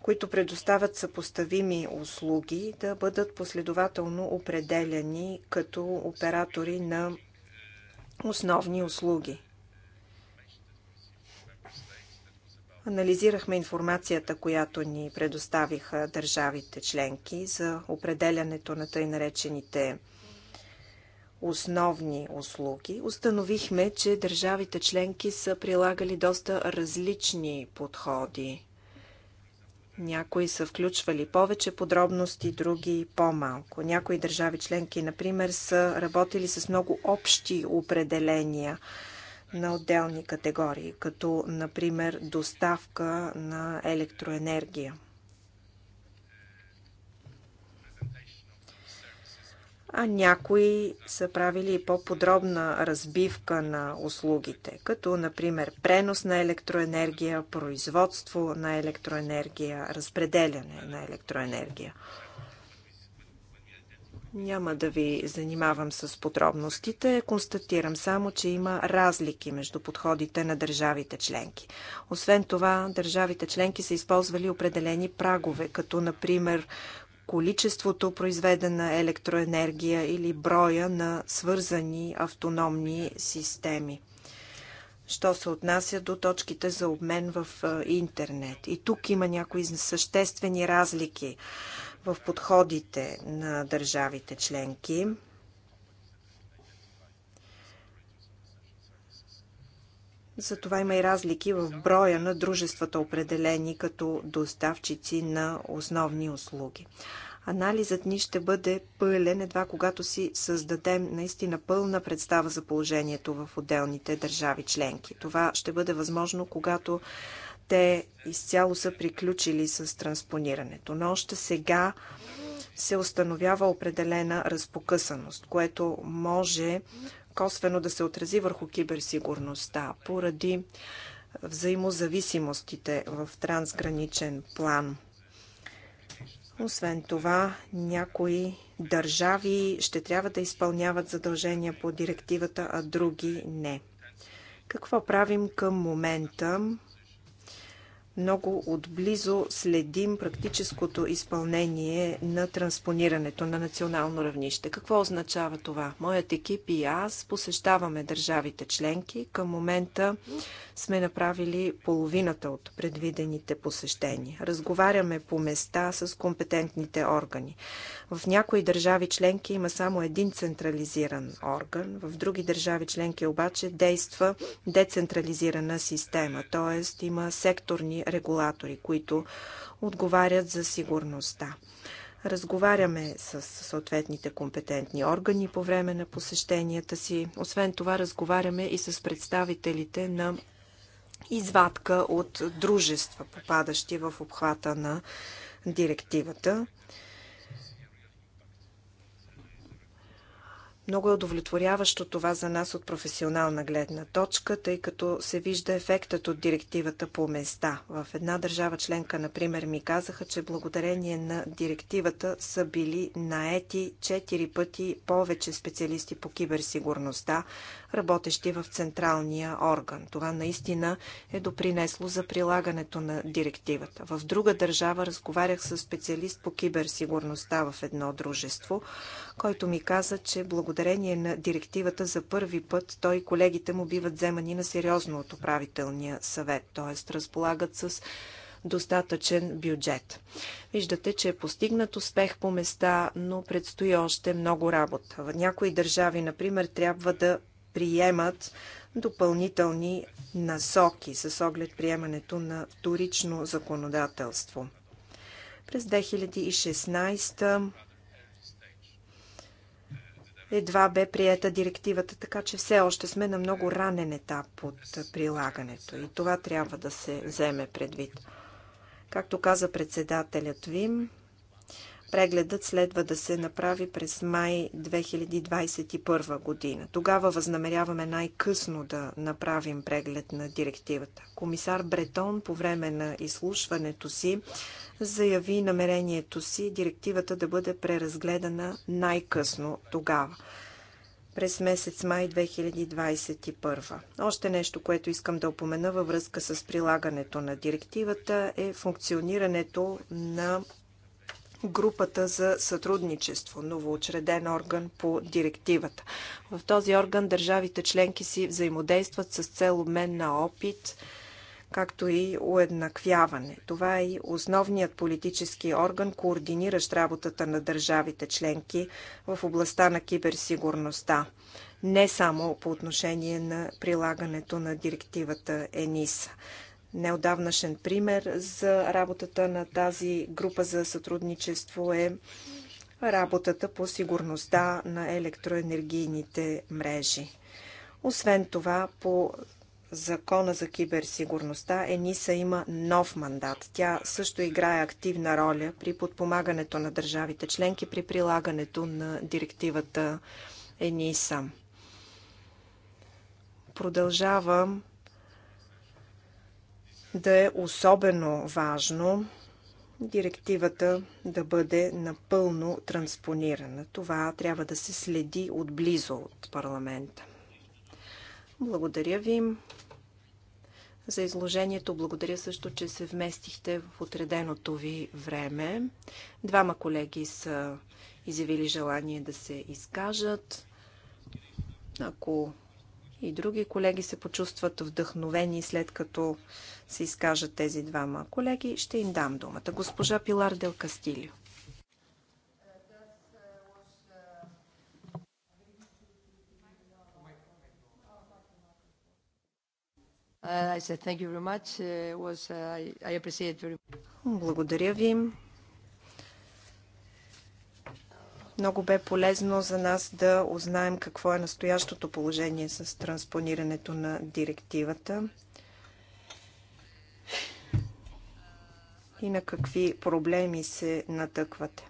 които предоставят съпоставими услуги, да бъдат последователно определени като оператори на основни услуги. Анализирахме информацията, която ни предоставиха държавите членки за определянето на тъй наречените основни услуги. Установихме, че държавите членки са прилагали доста различни подходи. Някои са включвали повече подробности, други по-малко. Някои държави членки, например, са работили с много общи определения – на отделни категории, като например доставка на електроенергия. а някои са правили и по-подробна разбивка на услугите, като например пренос на електроенергия, производство на електроенергия, разпределяне на електроенергия. Няма да ви занимавам с подробностите. Констатирам само, че има разлики между подходите на държавите членки. Освен това, държавите членки са използвали определени прагове, като например количеството произведена електроенергия или броя на свързани автономни системи. Що се отнася до точките за обмен в интернет. И тук има някои съществени разлики в подходите на държавите членки. Затова има и разлики в броя на дружествата, определени като доставчици на основни услуги. Анализът ни ще бъде пълен едва когато си създадем наистина пълна представа за положението в отделните държави членки. Това ще бъде възможно, когато те изцяло са приключили с транспонирането, но още сега се установява определена разпокъсаност, което може косвено да се отрази върху киберсигурността поради взаимозависимостите в трансграничен план. Освен това, някои държави ще трябва да изпълняват задължения по директивата, а други не. Какво правим към момента? много отблизо следим практическото изпълнение на транспонирането на национално равнище. Какво означава това? Моят екип и аз посещаваме държавите членки. Към момента сме направили половината от предвидените посещения. Разговаряме по места с компетентните органи. В някои държави членки има само един централизиран орган, в други държави членки обаче действа децентрализирана система, т.е. има секторни регулатори, които отговарят за сигурността. Разговаряме с съответните компетентни органи по време на посещенията си. Освен това, разговаряме и с представителите на извадка от дружества, попадащи в обхвата на директивата. Много е удовлетворяващо това за нас от професионална гледна точка, тъй като се вижда ефектът от директивата по места. В една държава членка, например, ми казаха, че благодарение на директивата са били наети 4 пъти повече специалисти по киберсигурността, работещи в централния орган. Това наистина е допринесло за прилагането на директивата. В друга държава разговарях с специалист по киберсигурността в едно дружество, който ми каза, че благодарение благодарение на директивата за първи път той и колегите му биват вземани на сериозно от управителния съвет, т.е. разполагат с достатъчен бюджет. Виждате, че е постигнат успех по места, но предстои още много работа. В някои държави, например, трябва да приемат допълнителни насоки с оглед приемането на вторично законодателство. През 2016 едва бе приета директивата, така че все още сме на много ранен етап от прилагането и това трябва да се вземе предвид. Както каза председателят Вим, Прегледът следва да се направи през май 2021 година. Тогава възнамеряваме най-късно да направим преглед на директивата. Комисар Бретон по време на изслушването си заяви намерението си директивата да бъде преразгледана най-късно тогава през месец май 2021. Още нещо, което искам да опомена във връзка с прилагането на директивата е функционирането на групата за сътрудничество, новоочреден орган по директивата. В този орган държавите членки си взаимодействат с цел обмен на опит, както и уеднаквяване. Това е и основният политически орган, координиращ работата на държавите членки в областта на киберсигурността. Не само по отношение на прилагането на директивата ЕНИСА. Неодавнашен пример за работата на тази група за сътрудничество е работата по сигурността на електроенергийните мрежи. Освен това, по Закона за киберсигурността ЕНИСА има нов мандат. Тя също играе активна роля при подпомагането на държавите членки при прилагането на директивата ЕНИСА. Продължавам да е особено важно директивата да бъде напълно транспонирана. Това трябва да се следи отблизо от парламента. Благодаря ви за изложението. Благодаря също, че се вместихте в отреденото ви време. Двама колеги са изявили желание да се изкажат. Ако и други колеги се почувстват вдъхновени след като се изкажат тези двама колеги, ще им дам думата. Госпожа Пилар Дел Кастилио. Uh, uh, uh, Благодаря ви. Много бе полезно за нас да узнаем какво е настоящото положение с транспонирането на директивата. и на какви проблеми се натъквате.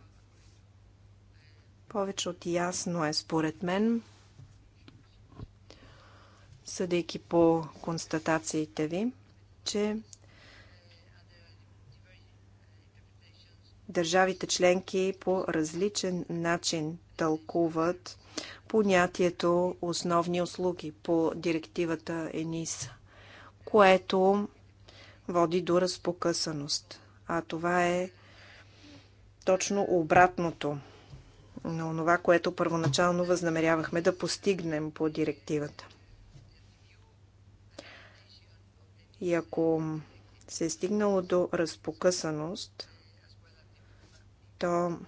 Повече от ясно е според мен, съдейки по констатациите ви, че държавите членки по различен начин тълкуват понятието основни услуги по директивата ЕНИС, което води до разпокъсаност а това е точно обратното на това, което първоначално възнамерявахме да постигнем по директивата. И ако се е стигнало до разпокъсаност, то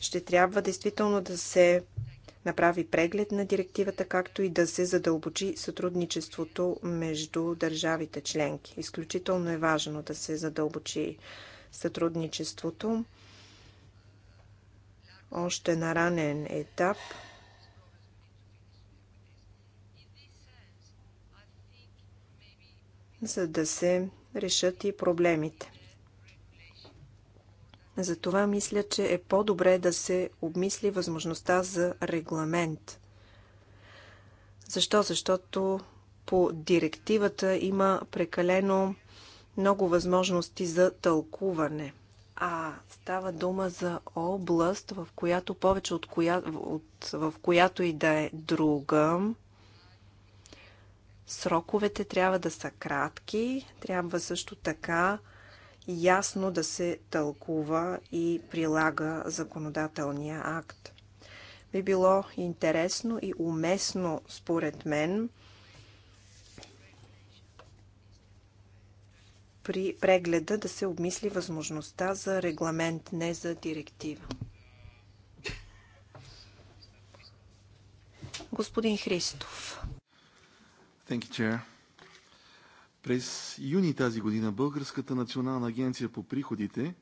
ще трябва действително да се направи преглед на директивата, както и да се задълбочи сътрудничеството между държавите членки. Изключително е важно да се задълбочи сътрудничеството. Още на ранен етап за да се решат и проблемите. Затова мисля, че е по-добре да се обмисли възможността за регламент. Защо? Защото по директивата има прекалено много възможности за тълкуване. А става дума за област, в която повече от, коя, от в която и да е друга, сроковете трябва да са кратки, трябва също така ясно да се тълкува и прилага законодателния акт. Би било интересно и уместно, според мен, при прегледа да се обмисли възможността за регламент, не за директива. Господин Христов. Thank you, Chair. През юни тази година Българската национална агенция по приходите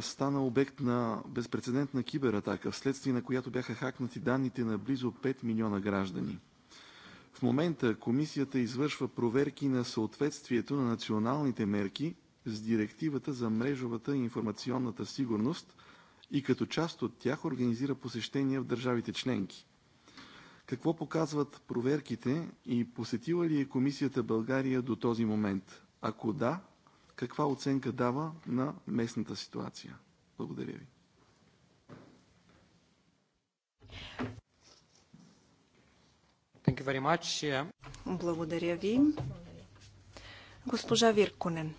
стана обект на безпредседентна кибератака, вследствие на която бяха хакнати данните на близо 5 милиона граждани. В момента комисията извършва проверки на съответствието на националните мерки с директивата за мрежовата и информационната сигурност и като част от тях организира посещения в държавите членки. Какво показват проверките и посетила ли е комисията България до този момент? Ако да, каква оценка дава на местната ситуация? Благодаря ви. Thank you very much. Благодаря ви. Госпожа Вирконен.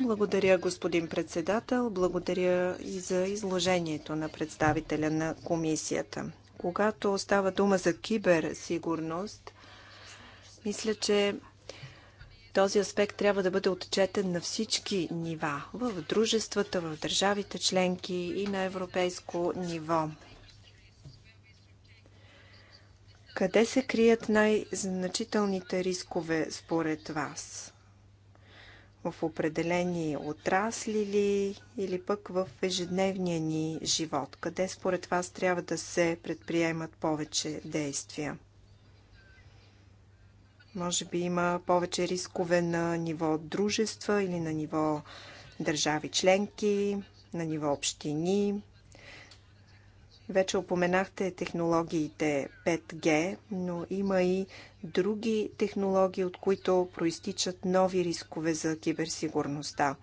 Благодаря, господин председател. Благодаря и за изложението на представителя на комисията. Когато става дума за киберсигурност, мисля, че този аспект трябва да бъде отчетен на всички нива в дружествата, в държавите членки и на европейско ниво. Къде се крият най-значителните рискове според вас? в определени отрасли ли, или пък в ежедневния ни живот? Къде според вас трябва да се предприемат повече действия? Може би има повече рискове на ниво дружества или на ниво държави членки, на ниво общини. Вече опоменахте технологиите 5G, но има и други технологии, от които проистичат нови рискове за киберсигурността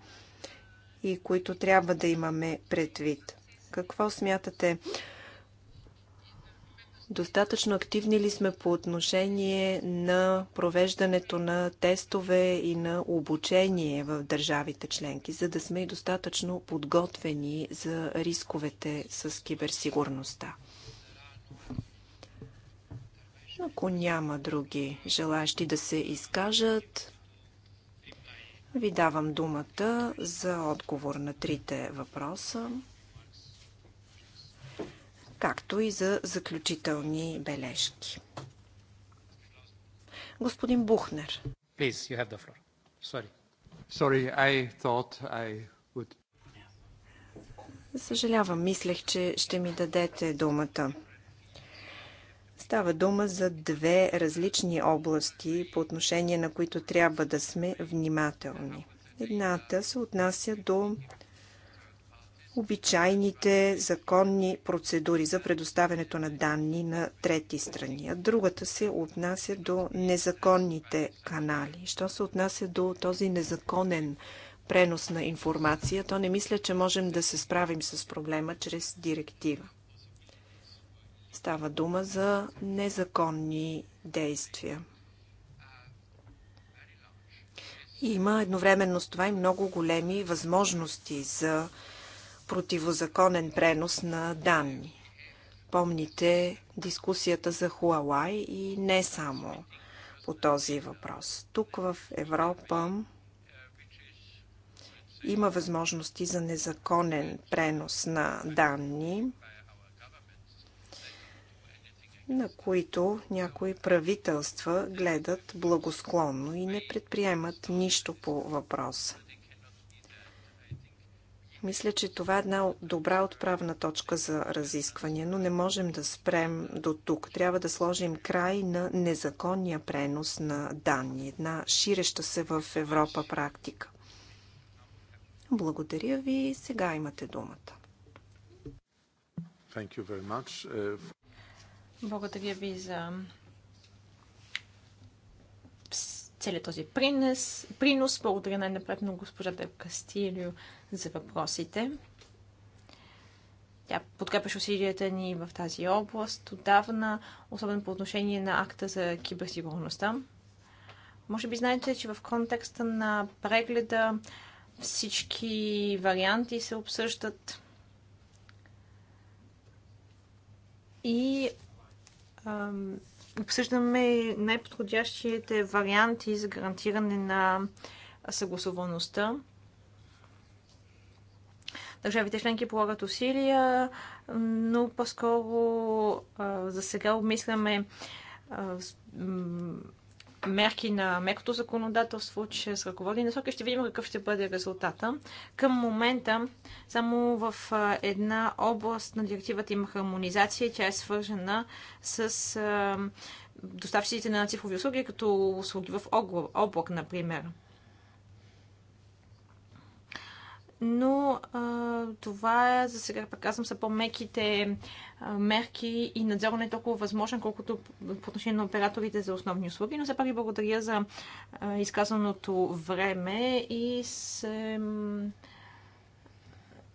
и които трябва да имаме предвид. Какво смятате? Достатъчно активни ли сме по отношение на провеждането на тестове и на обучение в държавите членки, за да сме и достатъчно подготвени за рисковете с киберсигурността? Ако няма други желащи да се изкажат, ви давам думата за отговор на трите въпроса, както и за заключителни бележки. Господин Бухнер. Please, you have the floor. Sorry. Sorry, I thought I would... Съжалявам, мислех, че ще ми дадете думата. Става дума за две различни области, по отношение на които трябва да сме внимателни. Едната се отнася до обичайните законни процедури за предоставянето на данни на трети страни, а другата се отнася до незаконните канали. Що се отнася до този незаконен пренос на информация, то не мисля, че можем да се справим с проблема чрез директива. Става дума за незаконни действия. Има едновременно с това и много големи възможности за противозаконен пренос на данни. Помните дискусията за Хуалай и не само по този въпрос. Тук в Европа има възможности за незаконен пренос на данни на които някои правителства гледат благосклонно и не предприемат нищо по въпроса. Мисля, че това е една добра отправна точка за разискване, но не можем да спрем до тук. Трябва да сложим край на незаконния пренос на данни, една ширеща се в Европа практика. Благодаря ви. Сега имате думата. Uh, благодаря ви за целият този принес, принос. Благодаря най-напред на госпожа Деб Кастилио за въпросите. Тя подкрепяше усилията ни в тази област отдавна, особено по отношение на акта за киберсигурността. Може би знаете, че в контекста на прегледа всички варианти се обсъждат. И обсъждаме най-подходящите варианти за гарантиране на съгласуваността. Държавите членки полагат усилия, но по-скоро за сега обмисляме мерки на мекото законодателство, чрез ръководни насоки. Ще видим какъв ще бъде резултата. Към момента само в една област на директивата има хармонизация. Тя е свържена с доставчиците на цифрови услуги, като услуги в облак, например. но а, това е, за сега пък казвам, са по-меките мерки и надзор не е толкова възможен, колкото по отношение на операторите за основни услуги. Но все пак ви благодаря за а, изказаното време и се...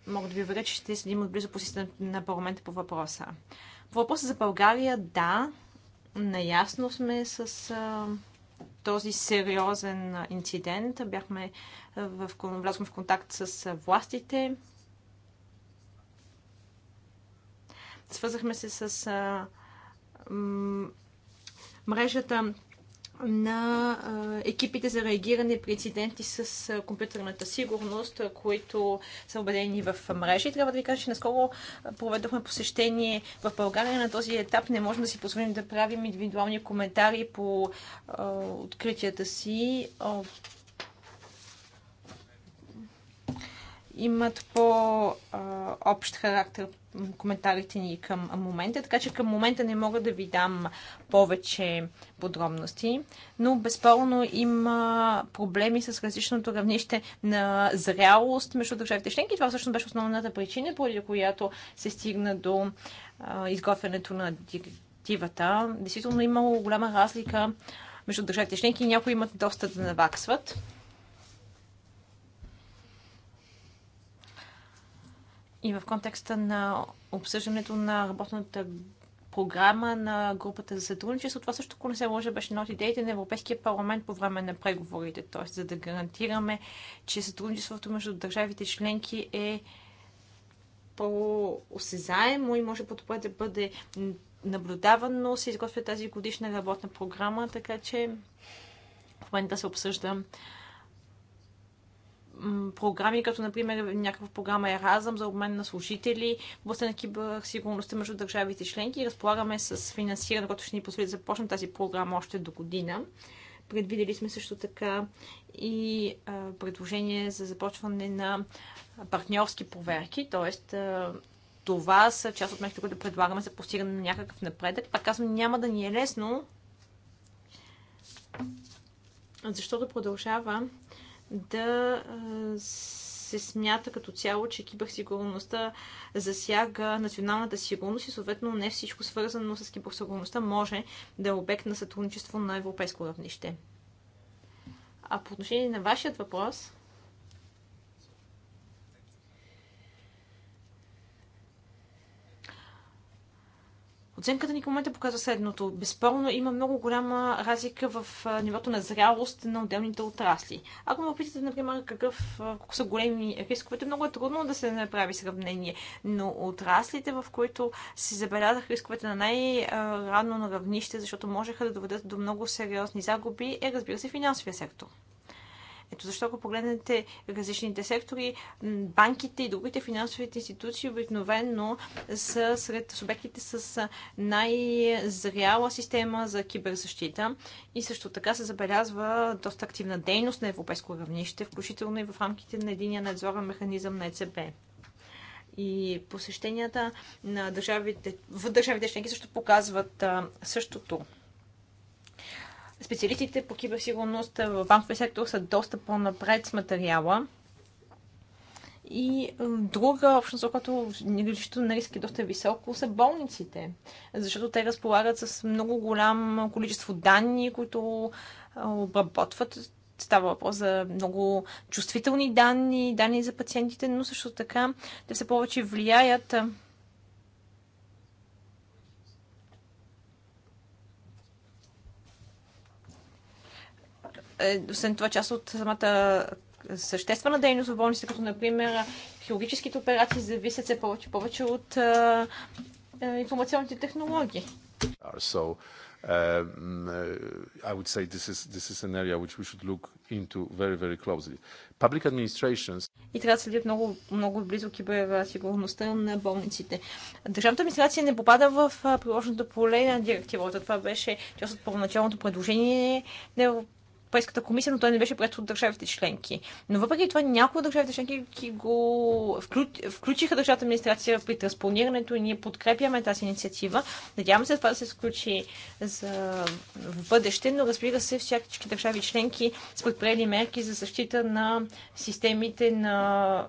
мога да ви уверя, че ще следим отблизо по на парламента по въпроса. По въпроса за България, да, наясно сме с... А този сериозен инцидент. Бяхме в, влязохме в контакт с властите. Свързахме се с мрежата на екипите за реагиране при инциденти с компютърната сигурност, които са убедени в мрежи. трябва да ви кажа, че наскоро проведохме посещение в България. На този етап не можем да си позволим да правим индивидуални коментари по откритията си. Имат по-общ характер коментарите ни към момента, така че към момента не мога да ви дам повече подробности, но безспорно има проблеми с различното равнище на зрялост между държавите членки. Това всъщност беше основната причина, поради която се стигна до изготвянето на директивата. Действително имало голяма разлика между държавите членки и някои имат доста да наваксват. и в контекста на обсъждането на работната програма на групата за сътрудничество. Това също, ако не се лъжа, беше една от идеите на Европейския парламент по време на преговорите. Т.е. за да гарантираме, че сътрудничеството между държавите членки е по-осезаемо и може по-добре да бъде наблюдавано. Се изготвя тази годишна работна програма, така че в момента се обсъжда програми, като например някаква програма Еразъм за обмен на служители в областта на киберсигурността между държавите членки. Разполагаме с финансиране, което ще ни позволи да започнем тази програма още до година. Предвидели сме също така и а, предложение за започване на партньорски проверки, т.е. това са част от мерките, които предлагаме за постигане на някакъв напредък. Пак казвам, няма да ни е лесно, защото продължава да се смята като цяло, че киберсигурността засяга националната сигурност и съответно не всичко свързано с киберсигурността може да е обект на сътрудничество на европейско равнище. А по отношение на вашият въпрос, Оценката ни в момента показва следното. Безспорно има много голяма разлика в нивото на зрялост на отделните отрасли. Ако ме опитате, например, какъв, колко са големи рисковете, много е трудно да се направи сравнение. Но отраслите, в които се забелязах рисковете на най-рано на равнище, защото можеха да доведат до много сериозни загуби, е, разбира се, финансовия сектор. Ето защо, ако погледнете различните сектори, банките и другите финансовите институции обикновено са сред субектите с най-зряла система за киберзащита и също така се забелязва доста активна дейност на европейско равнище, включително и в рамките на единия надзорен механизъм на ЕЦБ и посещенията на държавите, в държавите членки също показват а, същото специалистите по киберсигурност в банковия сектор са доста по-напред с материала. И друга общност, която нивището на риск е доста високо, са болниците. Защото те разполагат с много голям количество данни, които обработват. Става въпрос за много чувствителни данни, данни за пациентите, но също така те все повече влияят е, освен това, част от самата съществена дейност в болниците, като например хирургическите операции, зависят се повече, повече от е, е, информационните технологии. So, uh, I would say this is, this is an area which we should look into very, very closely. Public administrations... И трябва да следят много, много близо киберсигурността на болниците. Държавната администрация не попада в приложното поле на директивата. Това беше част от първоначалното предложение на Европейската комисия, но той не беше прието от държавите членки. Но въпреки това някои от държавите членки го вклю... включиха държавата администрация при транспонирането и ние подкрепяме тази инициатива. Надявам се това да се включи за... в бъдеще, но разбира се, всякачки държави членки са предприели мерки за защита на системите на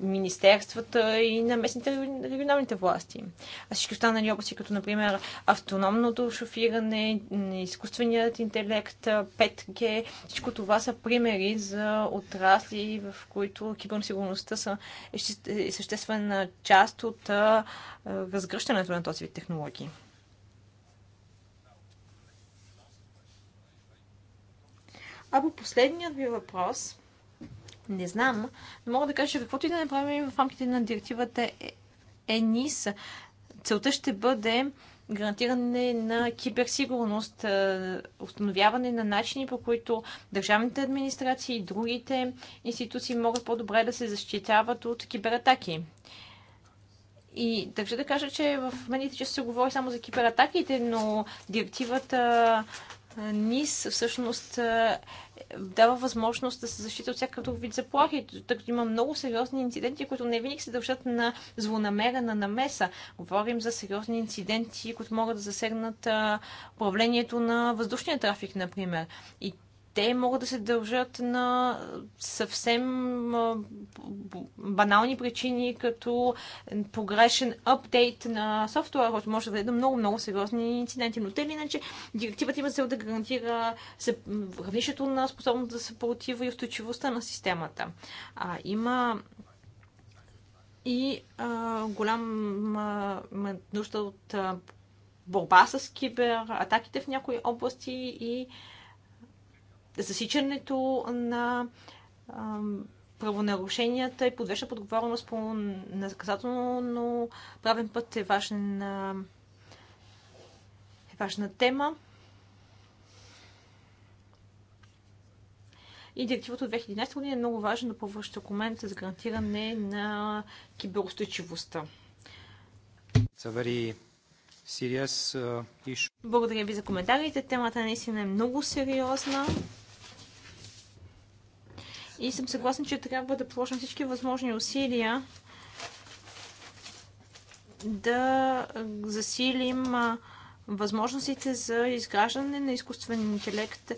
министерствата и на местните регионалните власти. А всички останали области, като например автономното шофиране, изкуственият интелект, 5G, всичко това са примери за отрасли, в които киберсигурността са е, е съществена част от разгръщането на този вид технологии. А по последният ви въпрос – не знам, но мога да кажа, че каквото и да направим в рамките на директивата ЕНИС, е целта ще бъде гарантиране на киберсигурност, е, установяване на начини, по които държавните администрации и другите институции могат по-добре да се защитават от кибератаки. И държа да кажа, че в медиите често се говори само за кибератаките, но директивата НИС всъщност дава възможност да се защита от всякакъв друг вид заплахи, тъй като има много сериозни инциденти, които не винаги се дължат на злонамерена намеса. Говорим за сериозни инциденти, които могат да засегнат управлението на въздушния трафик, например. И те могат да се дължат на съвсем банални причини, като погрешен апдейт на софтуера, който може да е много-много сериозни инциденти. Но те или иначе, директивата има цел да гарантира равнището на способност да се протива и устойчивостта на системата. А, има и а, а, нужда от а, борба с кибератаките в някои области и а, засичането на правонарушенията и подвежда подговорност по наказателно правен път е, важен, е важна тема. И директивата от 2011 година е много важен допълващ документ за гарантиране на киберустойчивостта. Uh, Благодаря ви за коментарите. Темата наистина е много сериозна. И съм съгласна, че трябва да положим всички възможни усилия да засилим възможностите за изграждане на изкуствен интелект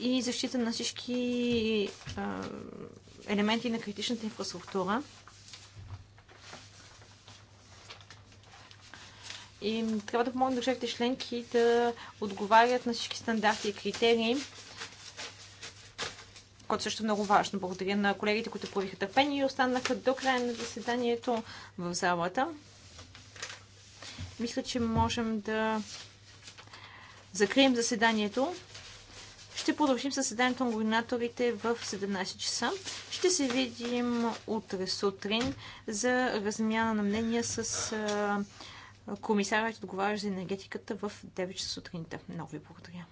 и защита на всички елементи на критичната инфраструктура. И трябва да помогнат държавите членки да отговарят на всички стандарти и критерии, което също е много важно. Благодаря на колегите, които проявиха търпение и останаха до края на заседанието в залата. Мисля, че можем да закрием заседанието. Ще продължим заседанието на губернаторите в 17 часа. Ще се видим утре сутрин за размяна на мнения с комисарът, отговарящ за енергетиката в 9 часа сутринта. Много ви благодаря.